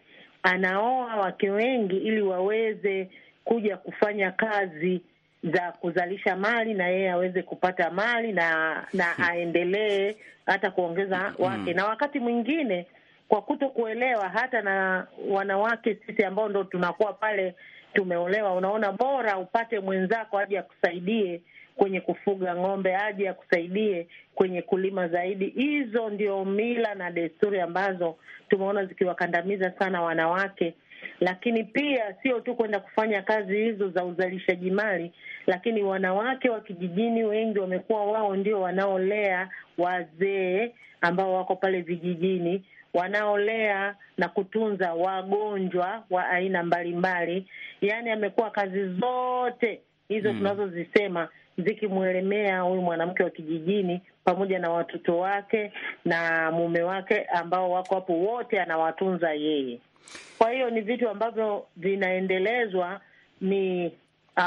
anaoa wake wengi ili waweze kuja kufanya kazi za kuzalisha mali na yeye aweze kupata mali na na hmm. aendelee hata kuongeza hmm. wake mm. Na wakati mwingine kwa kuto kuelewa hata na wanawake sisi ambao ndo tunakuwa pale tumeolewa, unaona bora upate mwenzako aje akusaidie kwenye kufuga ng'ombe, aje akusaidie kwenye kulima zaidi. Hizo ndio mila na desturi ambazo tumeona zikiwakandamiza sana wanawake lakini pia sio tu kwenda kufanya kazi hizo za uzalishaji mali, lakini wanawake wa kijijini wengi wamekuwa wao ndio wanaolea wazee ambao wako pale vijijini, wanaolea na kutunza wagonjwa wa aina mbalimbali. yani amekuwa kazi zote hizo hmm, tunazozisema zikimwelemea huyu mwanamke wa kijijini pamoja na watoto wake na mume wake ambao wako hapo, wote anawatunza yeye. Kwa hiyo ni vitu ambavyo vinaendelezwa, ni uh,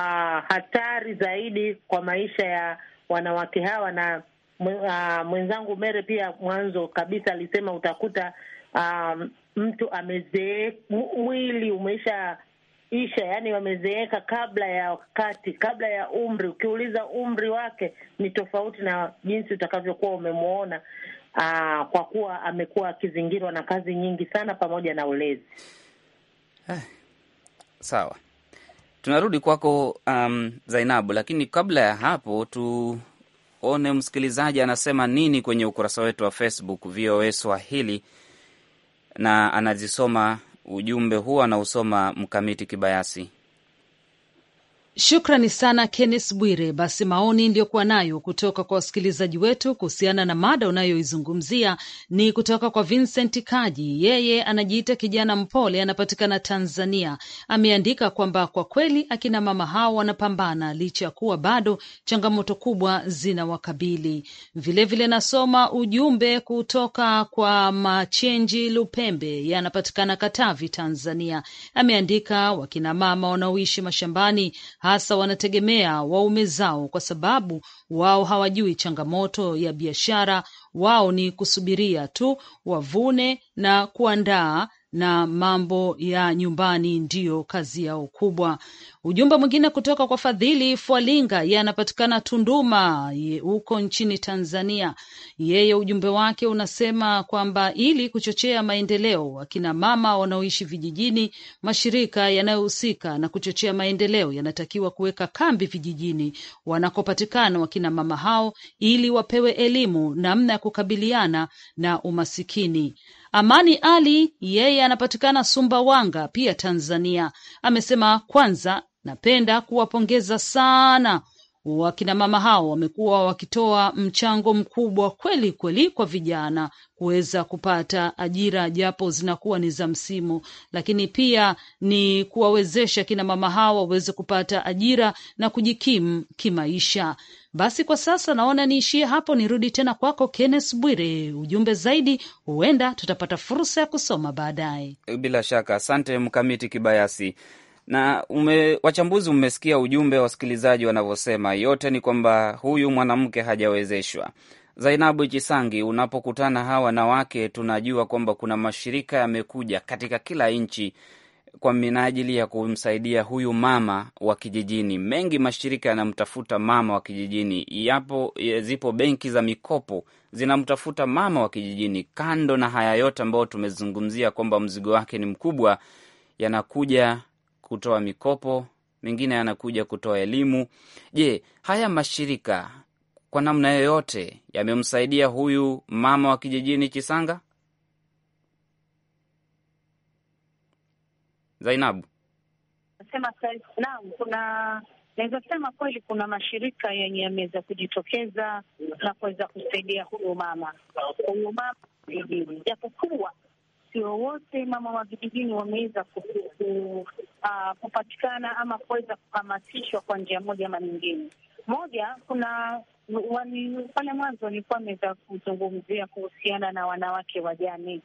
hatari zaidi kwa maisha ya wanawake hawa na uh, mwenzangu Mere pia mwanzo kabisa alisema utakuta um, mtu amezee, mwili umeisha isha, yani wamezeeka kabla ya wakati, kabla ya umri. Ukiuliza umri wake ni tofauti na jinsi utakavyokuwa umemwona aa, ah, kwa kuwa amekuwa akizingirwa na kazi nyingi sana pamoja na ulezi. Eh, sawa, tunarudi kwako um, Zainabu, lakini kabla ya hapo tuone msikilizaji anasema nini kwenye ukurasa wetu wa Facebook VOA Swahili, na anazisoma ujumbe huo anausoma Mkamiti Kibayasi. Shukrani sana Kennes Bwire. Basi maoni ndiyokuwa nayo kutoka kwa wasikilizaji wetu kuhusiana na mada unayoizungumzia ni kutoka kwa Vincent Kaji, yeye anajiita kijana mpole, anapatikana Tanzania. Ameandika kwamba kwa kweli akina mama hao wanapambana licha ya kuwa bado changamoto kubwa zinawakabili. Vilevile nasoma ujumbe kutoka kwa Machenji Lupembe, yanapatikana Katavi, Tanzania. Ameandika wakinamama wanaoishi mashambani hasa wanategemea waume zao, kwa sababu wao hawajui changamoto ya biashara. Wao ni kusubiria tu wavune na kuandaa na mambo ya nyumbani ndiyo kazi yao kubwa. Ujumbe mwingine kutoka kwa Fadhili Fwalinga, anapatikana Tunduma huko nchini Tanzania. Yeye ujumbe wake unasema kwamba ili kuchochea maendeleo, akina mama wanaoishi vijijini, mashirika yanayohusika na kuchochea maendeleo yanatakiwa kuweka kambi vijijini wanakopatikana wakina mama hao, ili wapewe elimu namna ya kukabiliana na umasikini. Amani Ali yeye anapatikana Sumbawanga pia Tanzania, amesema kwanza napenda kuwapongeza sana Wakinamama hao wamekuwa wakitoa mchango mkubwa kweli kweli kwa vijana kuweza kupata ajira, japo zinakuwa ni za msimu, lakini pia ni kuwawezesha kinamama hao waweze kupata ajira na kujikimu kimaisha. Basi kwa sasa naona niishie hapo, nirudi tena kwako Kenneth Bwire. Ujumbe zaidi huenda tutapata fursa ya kusoma baadaye. Bila shaka, asante Mkamiti Kibayasi na ume, wachambuzi mmesikia ujumbe wa wasikilizaji wanavyosema, yote ni kwamba huyu mwanamke hajawezeshwa. Zainabu Chisangi, unapokutana hawa wanawake, tunajua kwamba kuna mashirika yamekuja katika kila nchi kwa minajili ya kumsaidia huyu mama wa kijijini. Mengi mashirika yanamtafuta mama wa kijijini, yapo e, zipo benki za mikopo zinamtafuta mama wa kijijini. Kando na haya yote ambayo tumezungumzia kwamba mzigo wake ni mkubwa, yanakuja kutoa mikopo, mengine yanakuja kutoa elimu. Je, haya mashirika kwa namna yoyote yamemsaidia huyu mama wa kijijini Chisanga? Zainabu nasema naam, kuna naweza sema kweli kuna mashirika yenye yameweza kujitokeza na kuweza kusaidia huyu mama, huyu mama kijijini, japokuwa sio wowote mama wa vijijini wameweza ah, kupatikana ama kuweza kuhamasishwa kwa njia moja ama nyingine. Moja, kuna pale mwanzo walikuwa ameweza kuzungumzia kuhusiana na wanawake wa jamii,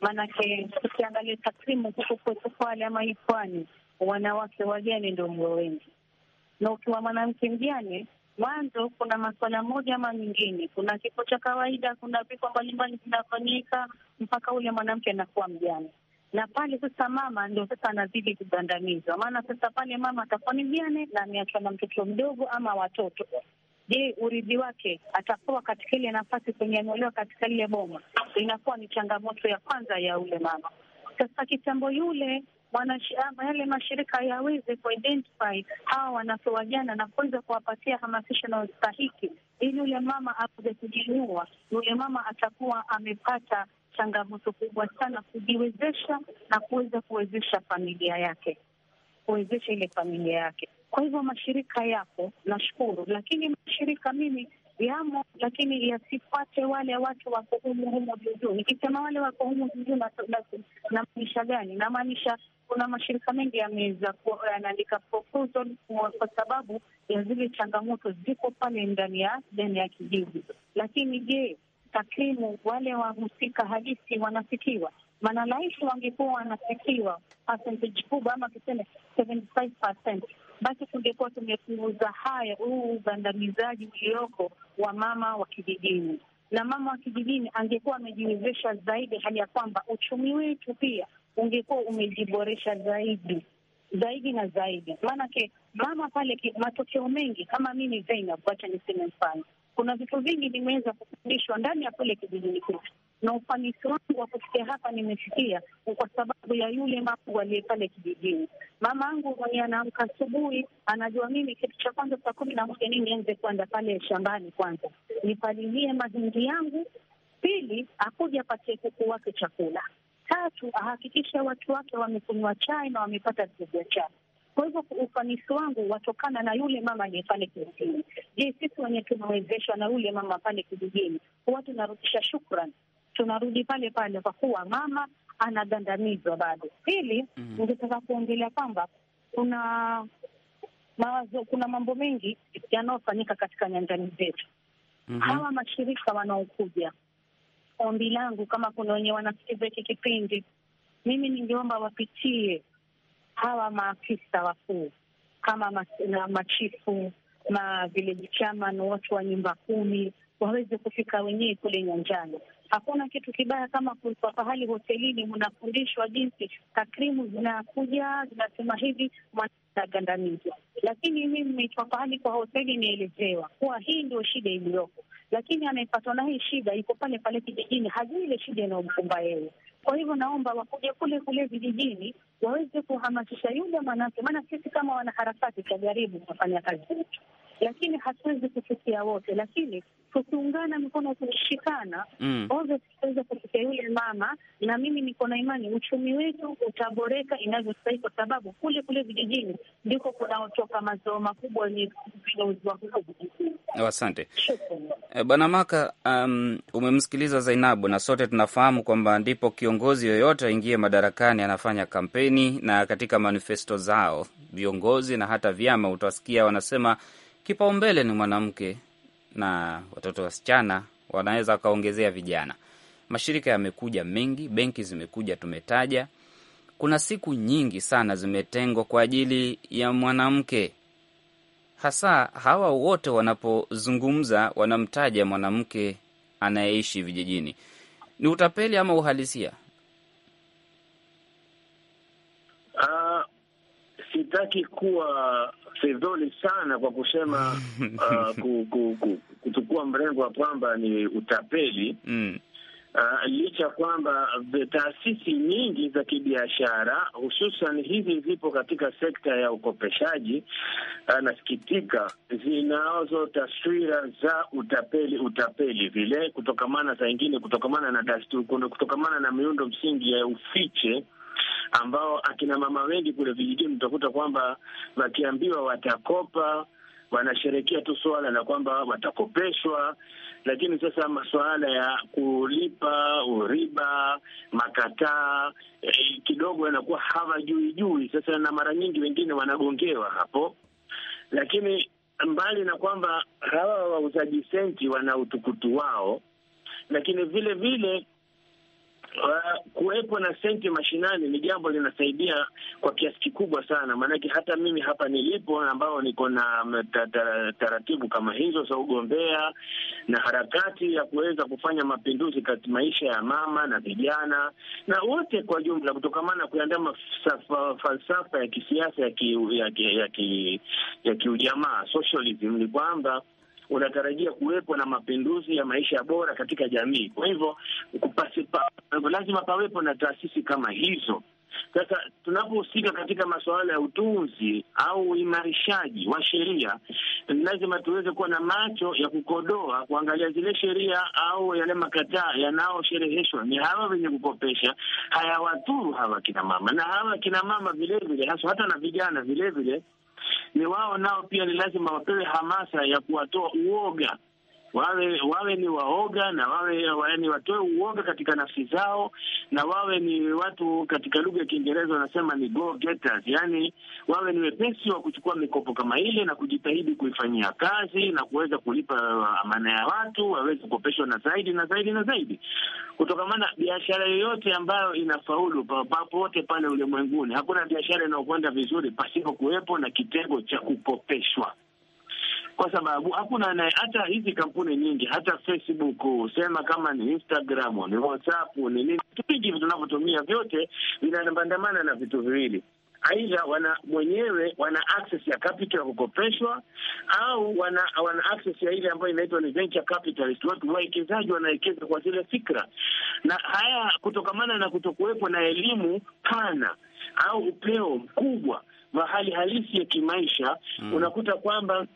maanake tukiangalia takwimu huku kwetu Kwale ama hii pwani, wanawake wajane ndio mlo wengi, na ukiwa mwanamke mjane mwanzo kuna masuala moja ama nyingine. Kuna kifo cha kawaida, kuna vifo mbalimbali vinafanyika mpaka ule mwanamke anakuwa mjane, na pale sasa mama ndio sasa anazidi kugandamizwa, maana sasa pale mama atakuwa ni mjane na ameachwa na mtoto mdogo ama watoto. Je, urithi wake atakuwa katika ile nafasi kwenye anaolewa katika lile boma? Inakuwa ni changamoto ya kwanza ya ule mama. Sasa kitambo yule Ah, yale mashirika yaweze kuidentify hawa wanawake na kuweza kuwapatia hamasisho inayostahiki, ili yule mama aweze kujinua Yule mama atakuwa amepata changamoto kubwa sana kujiwezesha na kuweza kuwezesha familia yake, kuwezesha ile familia yake. Kwa hivyo mashirika yapo, nashukuru, lakini mashirika mimi yamo, lakini yasifuate wale watu wako humu humo juujuu. Nikisema wale wako humu juu na, namaanisha gani? Namaanisha kuna mashirika mengi yameweza yanaandika proposal kwa sababu ya zile changamoto ziko pale ndani ya deni ya kijiji Lakini je, takrimu wale wahusika halisi wanafikiwa? Maana wangekuwa wanafikiwa percentage kubwa, ama tuseme 75% basi tungekuwa tumepunguza haya huu ugandamizaji ulioko wa mama wa kijijini, na mama wa kijijini angekuwa amejiwezesha zaidi, hali ya kwamba uchumi wetu pia ungekuwa umejiboresha zaidi zaidi na zaidi. Maanake mama pale, matokeo mengi kama mimi Zainab, wacha niseme mfano kuna vitu vingi nimeweza kufundishwa ndani ya kule kijijini kwetu, na ufanisi wangu wa kufikia hapa nimefikia kwa sababu ya yule mama aliye pale kijijini. Mama angu mwenye anaamka asubuhi, anajua mimi kitu cha kwanza saa kumi na moja ni nianze kwenda pale shambani, kwanza nipalilie mahindi yangu, pili akuja apatie kuku wake chakula, tatu ahakikishe watu wake wamekunywa chai na wamepata vitu vya chai kwa hivyo ufanisi wangu watokana na yule mama aliye pale kijijini. Je, sisi wenye tumewezeshwa na yule mama pale kijijini? Huwa tunarudisha shukran, tunarudi pale pale kwa kuwa mama anagandamizwa bado. Pili, mhm. ningetaka mm -hmm. kuongelea kwamba kuna mawazo, kuna mambo mengi yanayofanyika katika nyanjani zetu mm -hmm. hawa mashirika wanaokuja, ombi langu kama kuna wenye wanasikiza hiki kipindi, mimi ningeomba wapitie hawa maafisa wakuu kama ma, na machifu ma vileji chaman, watu wa nyumba kumi waweze kufika wenyewe kule nyanjani. Hakuna kitu kibaya kama kwa pahali hotelini mnafundishwa jinsi takrimu zinakuja zinasema hivi gandamizwa, lakini mimi mmeitwa pahali kwa hoteli, imeelezewa kuwa hii ndio shida iliyoko, lakini anayepatwa na hii shida iko pale pale kijijini, hajui ile shida inayomkumba yeye. Kwa hivyo naomba wakuja kule kule vijijini waweze kuhamasisha yule mwanamke, maana sisi kama wanaharakati tunajaribu kufanya kazi zetu lakini hatuwezi kufikia wote, lakini tukiungana mkono kushikana, mm, tutaweza kufikia yule mama, na mimi niko na imani uchumi wetu utaboreka inavyostahili, kwa sababu kule kule vijijini ndiko kunaotoka mazao makubwa yenye kuuzwa. Oh, asante eh, Bwana Maka. Um, umemsikiliza Zainabu, na sote tunafahamu kwamba ndipo kiongozi yoyote aingie madarakani anafanya kampeni, na katika manifesto zao viongozi na hata vyama utawasikia wanasema kipaumbele ni mwanamke na watoto wasichana, wanaweza wakaongezea vijana. Mashirika yamekuja mengi, benki zimekuja, tumetaja. Kuna siku nyingi sana zimetengwa kwa ajili ya mwanamke, hasa hawa wote wanapozungumza wanamtaja mwanamke anayeishi vijijini. Ni utapeli ama uhalisia? sitaki kuwa fedholi sana kwa kusema uh, ku, ku, ku, kuchukua mrengo wa kwamba ni utapeli mm. Uh, licha kwamba taasisi nyingi za kibiashara hususan hizi zipo katika sekta ya ukopeshaji, uh, nasikitika, zinazo taswira za utapeli utapeli vile, kutokamana saa ingine, kutokamana na dasturi, kutokamana na miundo msingi ya ufiche ambao akina mama wengi kule vijijini utakuta kwamba wakiambiwa watakopa wanasherekea tu suala la kwamba watakopeshwa, lakini sasa masuala ya kulipa uriba, makataa eh, kidogo yanakuwa hawajui jui sasa, na mara nyingi wengine wanagongewa hapo. Lakini mbali na kwamba hawa wauzaji senti wana utukutu wao, lakini vile vile uh, kuwepo na senti mashinani ni jambo linasaidia kwa kiasi kikubwa sana, maanake hata mimi hapa nilipo ambao niko na taratibu kama hizo za ugombea na harakati ya kuweza kufanya mapinduzi katika maisha ya mama na vijana na wote kwa jumla, kutokamana na kuandaa falsafa ya kisiasa ya kiujamaa ki, ki, ki, socialism ni kwamba unatarajia kuwepo na mapinduzi ya maisha bora katika jamii. Kwa hivyo kupasipa, lazima pawepo na taasisi kama hizo. Sasa tunapohusika katika masuala ya utunzi au uimarishaji wa sheria, lazima tuweze kuwa na macho ya kukodoa, kuangalia zile sheria au yale makataa yanayoshereheshwa ni hawa wenye kukopesha, hayawaturu hawa kina mama, na hawa kina mama vilevile, hasa hata na vijana vilevile ni wao nao pia ni lazima wapewe hamasa ya kuwatoa uoga wawe wawe ni waoga na wawe, ni yaani watoe uoga katika nafsi zao, na wawe ni watu katika lugha ya Kiingereza wanasema ni go getters, yani wawe ni wepesi wa kuchukua mikopo kama ile na kujitahidi kuifanyia kazi na kuweza kulipa uh, amana ya watu, waweze kukopeshwa na zaidi na zaidi na zaidi, kutokamana biashara yoyote ambayo inafaulu popote pale ulimwenguni. Hakuna biashara inayokwenda vizuri pasipo kuwepo na kitengo cha kukopeshwa kwa sababu hakuna naye. Hata hizi kampuni nyingi, hata Facebook sema kama ni Instagram, ni WhatsApp, ni nini, vitu vingi tunavyotumia vyote vinabandamana na vitu viwili Aidha, wana mwenyewe wana access ya capital ya kukopeshwa au wana wana access ya ile ambayo inaitwa ni venture capitalist, watu wawekezaji wanawekeza kwa zile fikra, na haya kutokamana na kutokuwepo na elimu pana au upeo mkubwa wa hali halisi ya kimaisha mm. Unakuta kwamba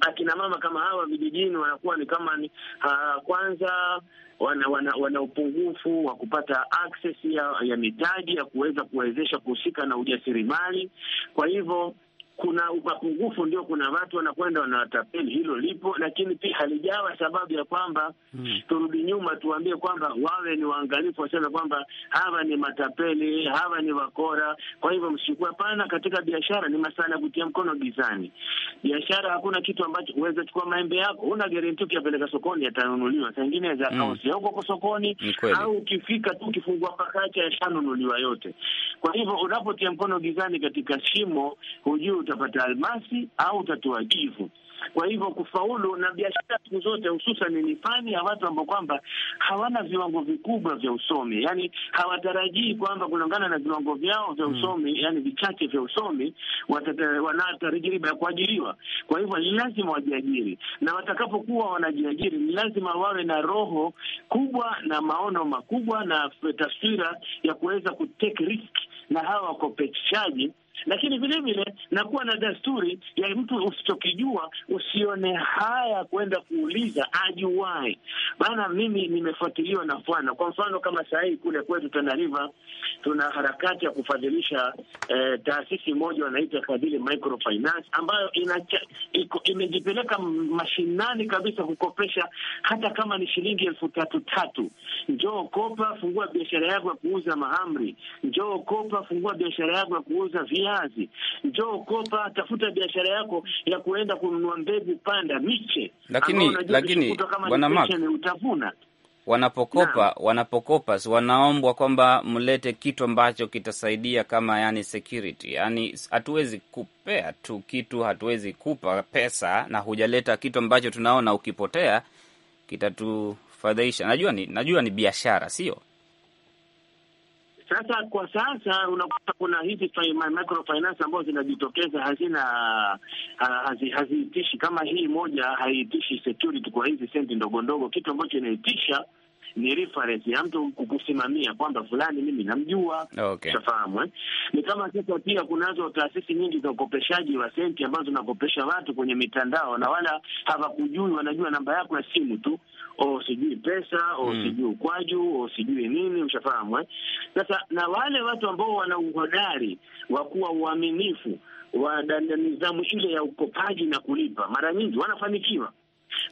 akina mama kama hawa vijijini wanakuwa ni kama ni uh, kwanza wana, wana, wana upungufu wa kupata access ya, ya mitaji ya kuweza kuwezesha kuhusika na ujasiriamali. Kwa hivyo kuna mapungufu, ndio kuna watu wanakwenda wanawatapeli, hilo lipo, lakini pia halijawa sababu ya kwamba hmm, turudi nyuma tuambie kwamba wawe ni waangalifu, waseme kwamba hawa ni matapeli, hawa ni wakora, kwa hivyo msichukue. pana katika biashara ni masala ya kutia mkono gizani. Biashara hakuna kitu ambacho uweze chukua maembe yako, una garanti ukiyapeleka sokoni yatanunuliwa, saa ingine za hmm. kausi huko kwa sokoni, Mkweli. au ukifika tu ukifungua pakacha yashanunuliwa yote. Kwa hivyo unapotia mkono gizani katika shimo, hujui utapata almasi au utatoa jivu. Kwa hivyo kufaulu na biashara siku zote, hususan ni fani ya watu ambao kwamba hawana viwango vikubwa vya usomi, yani hawatarajii kwamba kulingana na viwango vyao vya hmm. usomi mm, yani vichache vya usomi wanatarajiba ya kuajiriwa. Kwa hivyo ni lazima wajiajiri, na watakapokuwa wanajiajiri ni lazima wawe na roho kubwa na maono makubwa na taswira ya kuweza kutake risk na hawa wakopeshaji lakini vile vile nakuwa na dasturi ya mtu usichokijua usione haya kuenda kuuliza ajuwai Maana mimi nimefuatiliwa na fwana, kwa mfano kama sahii kule kwetu Tanariva tuna harakati ya kufadhilisha eh, taasisi moja wanaita Fadhili Microfinance ambayo inacha, iko, imejipeleka mashinani kabisa kukopesha hata kama ni shilingi elfu tatu tatu. Njoo kopa, fungua biashara yako ya kuuza mahamri. Njoo kopa, fungua biashara yako ya kuuza vya viazi, njoo kopa, tafuta biashara yako ya kuenda kununua mbegu, panda miche, lakini lakini bwana Mark utavuna wanapokopa na, wanapokopa wanaombwa kwamba mlete kitu ambacho kitasaidia kama yani security. Yani hatuwezi kupea tu kitu, hatuwezi kupa pesa na hujaleta kitu ambacho tunaona ukipotea kitatufadhaisha. Najua ni, najua ni biashara sio sasa kwa sasa unakuta kuna hizi microfinance ambazo zinajitokeza hazina haziitishi hazi kama hii moja haiitishi security kwa hizi senti ndogo ndogo, kitu ambacho inahitisha ni reference ya mtu kukusimamia kwamba fulani mimi namjua, utafahamu okay. Eh, ni kama sasa pia kunazo taasisi nyingi za ukopeshaji wa senti ambazo zinakopesha watu kwenye mitandao na wala hawakujui, wanajua namba yako ya simu tu o oh, sijui pesa o oh, hmm, sijui ukwaju o oh, sijui nini, ushafahamu eh. Sasa na wale watu ambao wana uhodari wa kuwa uaminifu wa nidhamu ile ya ukopaji na kulipa, mara nyingi wanafanikiwa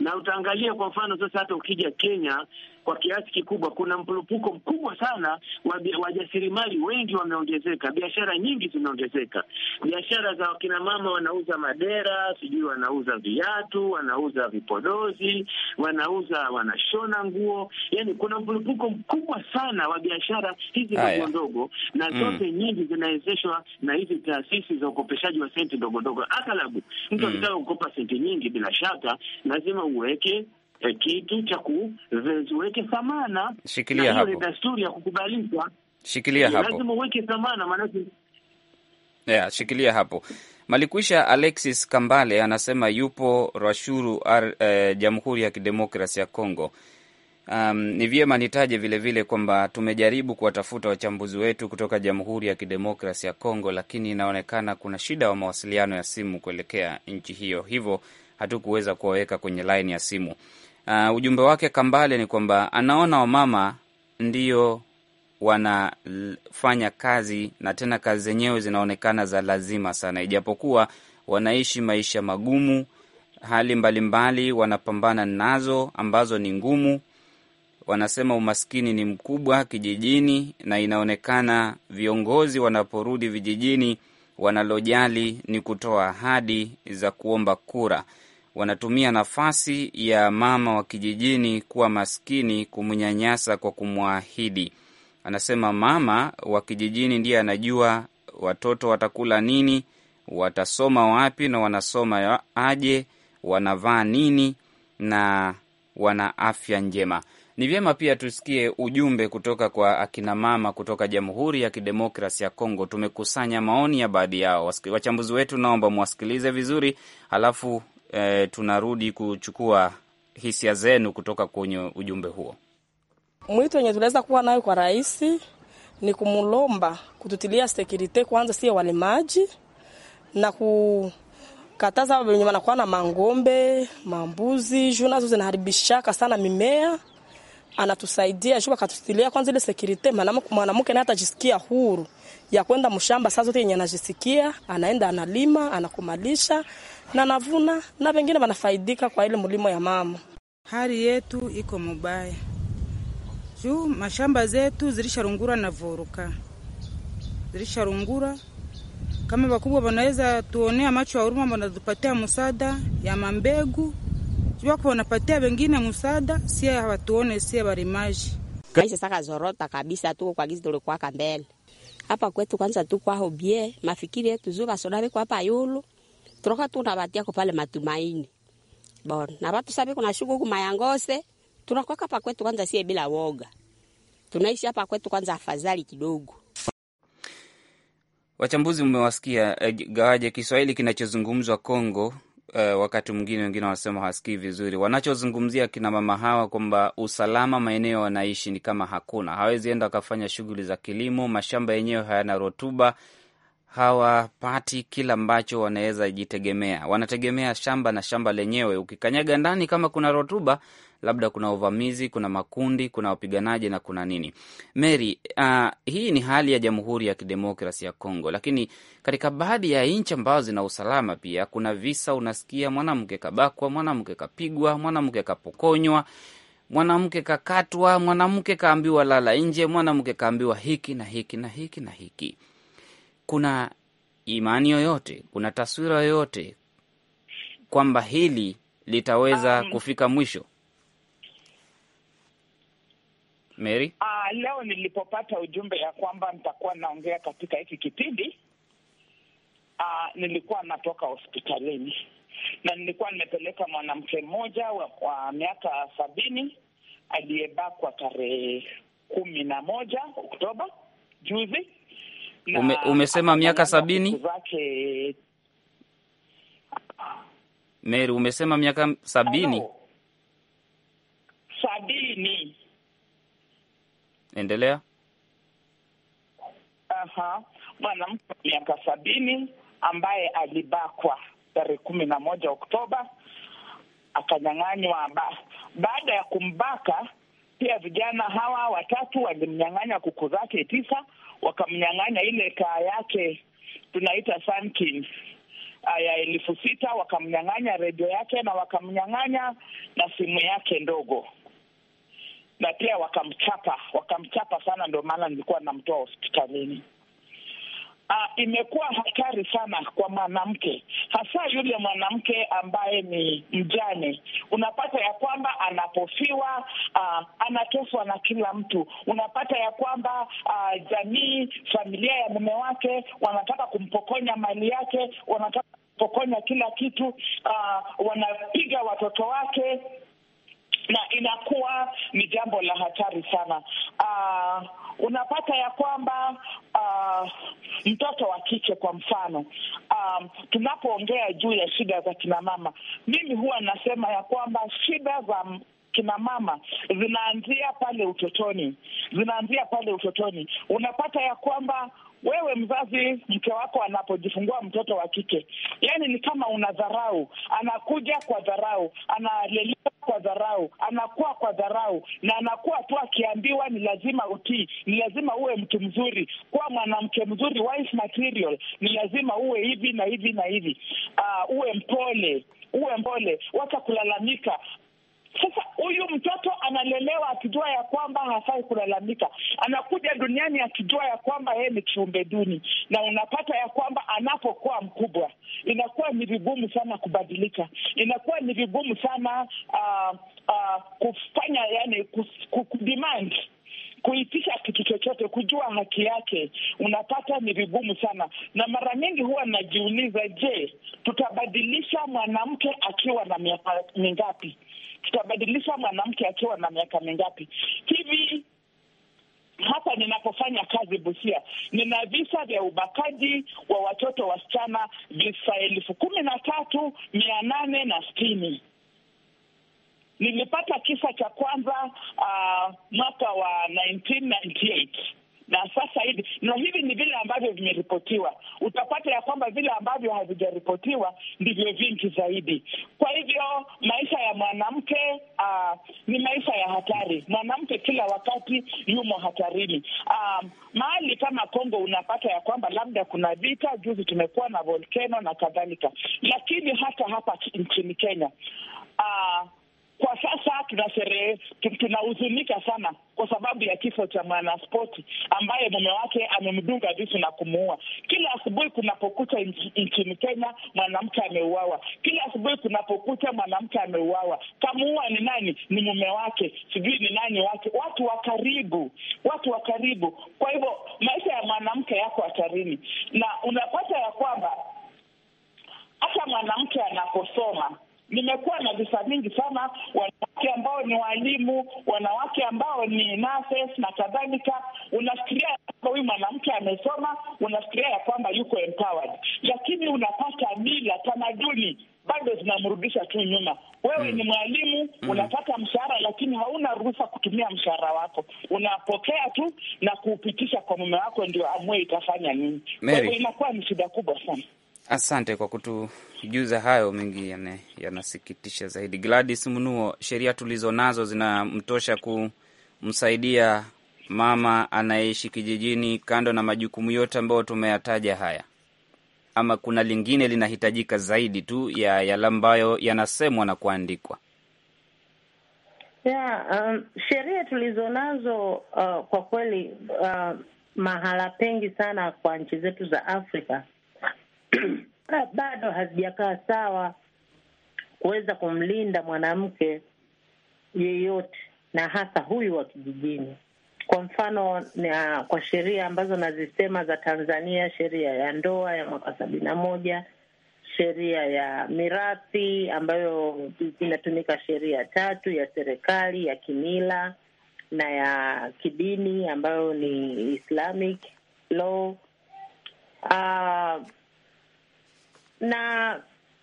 na utaangalia kwa mfano sasa, hata ukija Kenya kwa kiasi kikubwa. Kuna mpulupuko mkubwa sana wa wajasiriamali, wengi wameongezeka, biashara nyingi zimeongezeka, biashara za wakina mama wanauza madera, sijui wanauza viatu, wanauza vipodozi, wanauza wanashona nguo, yani kuna mpulupuko mkubwa sana wa biashara hizi ndogo ndogo, na mm. zote mm. nyingi zinawezeshwa na hizi taasisi za ukopeshaji wa senti ndogo ndogo. Aghalabu mtu mm. akitaka mm. kukopa senti nyingi, bila shaka lazima uweke Eh, kitu cha kuweke eh, thamana. Shikilia hapo, dasturi ya kukubalika. Shikilia hapo, lazima uweke thamana, maanake yeah, shikilia hapo. Malikuisha Alexis Kambale anasema yupo Rwashuru, eh, Jamhuri ya Kidemokrasi ya Kongo. Um, ni vyema nitaje vilevile kwamba tumejaribu kuwatafuta wachambuzi wetu kutoka Jamhuri ya Kidemokrasi ya Kongo, lakini inaonekana kuna shida wa mawasiliano ya simu kuelekea nchi hiyo, hivyo hatukuweza kuwaweka kwenye laini ya simu. Uh, ujumbe wake Kambale ni kwamba anaona wamama ndio wanafanya kazi na tena kazi zenyewe zinaonekana za lazima sana, ijapokuwa wanaishi maisha magumu, hali mbalimbali mbali, wanapambana nazo ambazo ni ngumu. Wanasema umaskini ni mkubwa kijijini, na inaonekana viongozi wanaporudi vijijini wanalojali ni kutoa ahadi za kuomba kura wanatumia nafasi ya mama wa kijijini kuwa maskini kumnyanyasa kwa kumwahidi. Anasema mama wa kijijini ndiye anajua watoto watakula nini, watasoma wapi na wanasoma aje, wanavaa nini na wana afya njema. Ni vyema pia tusikie ujumbe kutoka kwa akinamama kutoka Jamhuri ya Kidemokrasi ya Kongo. Tumekusanya maoni ya baadhi yao. Wachambuzi wetu, naomba mwasikilize vizuri, halafu e, tunarudi kuchukua hisia zenu kutoka kwenye ujumbe huo. Mwito wenye tunaweza kuwa nayo kwa rais ni kumlomba kututilia sekurite kwanza, sio walimaji na ku kataza wenye wanakuwa na mangombe mambuzi juu nazo zinaharibishaka sana mimea. Anatusaidia juu akatutilia kwanza ile sekurite, maana mwanamke naye atajisikia huru ya kwenda mshamba saa zote yenye anajisikia, anaenda analima, anakumalisha na navuna na wengine wanafaidika kwa ile mlimo ya mama. Hali yetu iko mubaya juu mashamba zetu zilisharungura na voruka zilisharungura. Kama wakubwa wanaweza tuonea macho ya huruma, wanatupatia msaada ya mambegu juu wako wanapatia wengine msaada, sie hawatuone sie barimaji kaisha saka zorota kabisa, tuko kwa gizi tulikuwa kambele hapa kwetu kwanza, tuko hobie mafikiri yetu zuka sodari kwa hapa yulu tuloka tunda batia kupale matumaini bon na watu sabe kuna shuku kumayangose tunakwaka pa kwetu kwanza, sie bila woga tunaishi hapa kwetu kwanza, afadhali kidogo. Wachambuzi mmewasikia eh, gawaje Kiswahili kinachozungumzwa Kongo. eh, wakati mwingine wengine wanasema hawasikii vizuri wanachozungumzia kina mama hawa, kwamba usalama maeneo wanaishi ni kama hakuna, hawezi enda wakafanya shughuli za kilimo, mashamba yenyewe hayana rutuba hawapati kila ambacho wanaweza jitegemea, wanategemea shamba na shamba lenyewe. Ukikanyaga ndani, kama kuna rotuba labda kuna uvamizi, kuna makundi, kuna wapiganaji na kuna nini. Mary, uh, hii ni hali ya Jamhuri ya Kidemokrasi ya Kongo, lakini katika baadhi ya nchi ambazo zina usalama pia kuna visa, unasikia mwanamke kabakwa, mwanamke kapigwa, mwanamke kapokonywa mwanamke kakatwa, mwanamke kaambiwa lala nje, mwanamke kaambiwa hiki na hiki na hiki na hiki kuna imani yoyote, kuna taswira yoyote kwamba hili litaweza um, kufika mwisho? Mary, uh, leo nilipopata ujumbe ya kwamba nitakuwa naongea katika hiki kipindi uh, nilikuwa natoka hospitalini na nilikuwa nimepeleka mwanamke mmoja wa miaka sabini aliyebakwa tarehe kumi na moja Oktoba juzi Ume, umesema miaka sabini zake... umesema miaka sabini sabini endelea. Aha, mwanamke wa miaka sabini ambaye alibakwa tarehe kumi na moja Oktoba akanyang'anywa. Baada ya kumbaka, pia vijana hawa watatu walimnyang'anya kuku zake tisa wakamnyang'anya ile kaa yake tunaita Sankins ya elfu sita, wakamnyang'anya redio yake na wakamnyang'anya na simu yake ndogo, na pia wakamchapa, wakamchapa sana, ndio maana nilikuwa namtoa hospitalini uh, imekuwa hatari sana kwa mwanamke, hasa yule mwanamke ambaye ni mjane. Unapata ya kwamba anapofiwa, uh, anateswa na kila mtu. Unapata ya kwamba uh, jamii, familia ya mume wake wanataka kumpokonya mali yake, wanataka pokonya kila kitu. Uh, wanapiga watoto wake na inakuwa ni jambo la hatari sana uh, unapata ya kwamba uh, mtoto wa kike kwa mfano um, tunapoongea juu ya shida za kinamama, mimi huwa nasema ya kwamba shida za kina mama zinaanzia pale utotoni, zinaanzia pale utotoni. Unapata ya kwamba wewe mzazi, mke wako anapojifungua mtoto wa kike, yani ni kama una dharau. Anakuja kwa dharau, analelewa kwa dharau, anakuwa kwa dharau, na anakuwa tu akiambiwa ni lazima utii, ni lazima uwe mtu mzuri, kuwa mwanamke mzuri, wife material, ni lazima uwe hivi na hivi na hivi, uh, uwe mpole uwe mpole, wacha kulalamika. Sasa huyu mtoto analelewa akijua ya kwamba hafai kulalamika, anakuja duniani akijua ya kwamba yeye ni kiumbe duni, na unapata ya kwamba anapokuwa mkubwa inakuwa ni vigumu sana kubadilika, inakuwa ni vigumu sana uh, uh, kufanya yani kudemand kuitisha kitu chochote, kujua haki yake, unapata ni vigumu sana. Na mara nyingi huwa najiuliza, je, tutabadilisha mwanamke akiwa na miaka mingapi? tutabadilisha mwanamke akiwa na miaka mingapi? Hivi hapa ninapofanya kazi Busia, nina visa vya ubakaji wa watoto wasichana visa elfu kumi na tatu mia nane na sitini. Nilipata kisa cha kwanza uh, mwaka wa 1998 na sasa hivi na hivi ni vile ambavyo vimeripotiwa. Utapata ya kwamba vile ambavyo havijaripotiwa ndivyo vingi zaidi. Kwa hivyo maisha ya mwanamke uh, ni maisha ya hatari. Mwanamke kila wakati yumo hatarini. Uh, mahali kama Kongo unapata ya kwamba labda kuna vita, juzi tumekuwa na volcano na kadhalika, lakini hata hapa nchini Kenya uh, kwa sasa tunasherehe, tunahuzunika sana kwa sababu ya kifo cha mwanaspoti ambaye mume wake amemdunga visu na kumuua. Kila asubuhi kunapokucha nchini Kenya mwanamke ameuawa, kila asubuhi kunapokucha mwanamke ameuawa. Kamuua ni nani? Ni mume wake, sijui ni nani wake, watu wa karibu, watu wa karibu. Kwa hivyo maisha ya mwanamke yako hatarini, na unapata ya kwamba hata mwanamke anaposoma limekuwa na visa vingi sana, wanawake ambao ni walimu, wanawake ambao ni nurses na kadhalika. Unafikiria ya kwamba huyu mwanamke amesoma, unafikiria ya kwamba yuko empowered, lakini unapata mila, tamaduni bado zinamrudisha tu nyuma. Wewe mm. ni hmm. mwalimu mm. unapata mshahara, lakini hauna ruhusa kutumia mshahara wako, unapokea tu na kuupitisha kwa mume wako ndio amue itafanya nini. Kwa hivyo inakuwa ni shida kubwa sana. Asante kwa kutujuza hayo, mengi yanasikitisha zaidi. Gladys Mnuo, sheria tulizonazo zinamtosha kumsaidia mama anayeishi kijijini, kando na majukumu yote ambayo tumeyataja haya, ama kuna lingine linahitajika zaidi tu ya yale ambayo yanasemwa na kuandikwa? Yeah, um, sheria tulizonazo uh, kwa kweli uh, mahala pengi sana kwa nchi zetu za Afrika bado hazijakaa sawa kuweza kumlinda mwanamke yeyote, na hasa huyu wa kijijini. Kwa mfano na kwa sheria ambazo nazisema za Tanzania, sheria ya ndoa ya mwaka sabini na moja, sheria ya mirathi ambayo inatumika sheria tatu ya serikali ya kimila na ya kidini ambayo ni Islamic law. Uh, na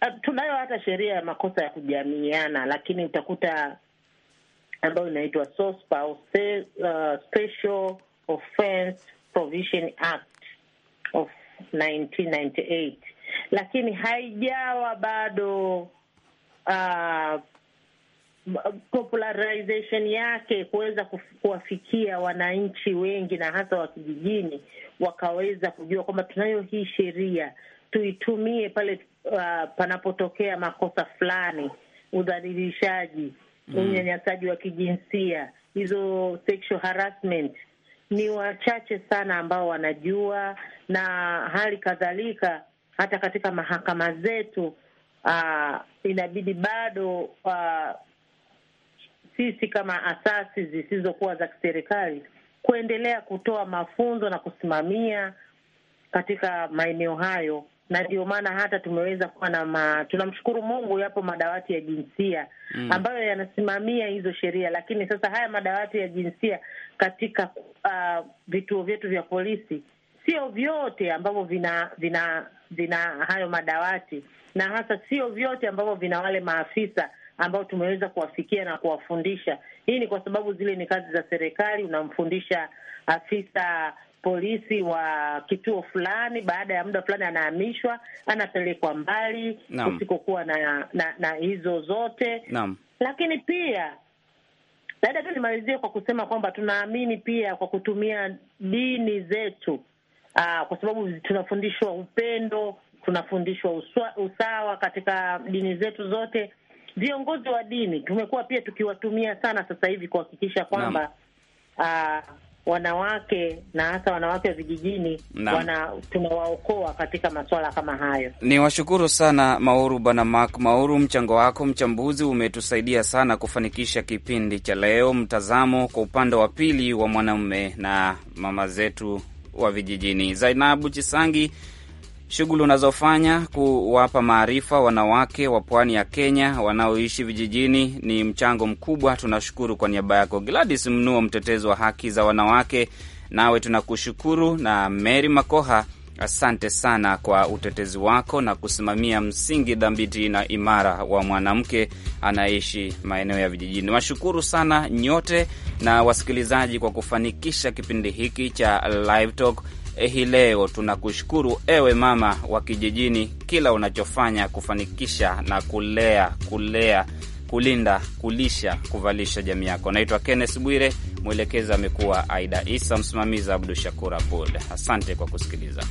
uh, tunayo hata sheria ya makosa ya kujamiiana, lakini utakuta ambayo inaitwa SOSPA, eh, Special Offense Provision Act of 1998 lakini haijawa bado uh, popularization yake kuweza kuwafikia wananchi wengi na hasa wa kijijini, wakaweza kujua kwamba tunayo hii sheria tuitumie pale uh, panapotokea makosa fulani, udhalilishaji, mm, unyanyasaji wa kijinsia, hizo sexual harassment ni wachache sana ambao wanajua, na hali kadhalika hata katika mahakama zetu uh, inabidi bado uh, sisi kama asasi zisizokuwa za kiserikali kuendelea kutoa mafunzo na kusimamia katika maeneo hayo na ndio maana hata tumeweza kuwa na ma... tunamshukuru Mungu, yapo madawati ya jinsia mm, ambayo yanasimamia hizo sheria, lakini sasa haya madawati ya jinsia katika uh, vituo vyetu vya polisi sio vyote ambavyo vina vina vina hayo madawati, na hasa sio vyote ambavyo vina wale maafisa ambao tumeweza kuwafikia na kuwafundisha. Hii ni kwa sababu zile ni kazi za serikali, unamfundisha afisa polisi wa kituo fulani, baada ya muda fulani anahamishwa, anapelekwa mbali kusikokuwa na, na na hizo zote Naam. Lakini pia labda tu nimalizie kwa kusema kwamba tunaamini pia kwa kutumia dini zetu aa, ah, kwa sababu tunafundishwa upendo, tunafundishwa usawa katika dini zetu zote. Viongozi wa dini tumekuwa pia tukiwatumia sana sasa hivi kuhakikisha kwamba wanawake na hasa wanawake wa vijijini wana tunawaokoa katika masuala kama hayo. Ni washukuru sana Mauru, Bwana Mak Mauru, mchango wako mchambuzi, umetusaidia sana kufanikisha kipindi cha leo, mtazamo kwa upande wa pili wa mwanamume na mama zetu wa vijijini. Zainabu Chisangi shughuli unazofanya kuwapa maarifa wanawake wa pwani ya Kenya wanaoishi vijijini ni mchango mkubwa. Tunashukuru kwa niaba yako. Gladys Mnuo, mtetezi wa haki za wanawake, nawe tunakushukuru. Na Mary Makoha, asante sana kwa utetezi wako na kusimamia msingi dhabiti na imara wa mwanamke anayeishi maeneo ya vijijini. Washukuru sana nyote na wasikilizaji kwa kufanikisha kipindi hiki cha Live Talk. Eh, hii leo. Tunakushukuru ewe mama wa kijijini, kila unachofanya kufanikisha na kulea kulea kulinda, kulisha, kuvalisha jamii yako. Naitwa Kenneth Bwire, mwelekezi amekuwa Aida Isa, msimamizi Abdu Shakur Abud. Asante kwa kusikiliza.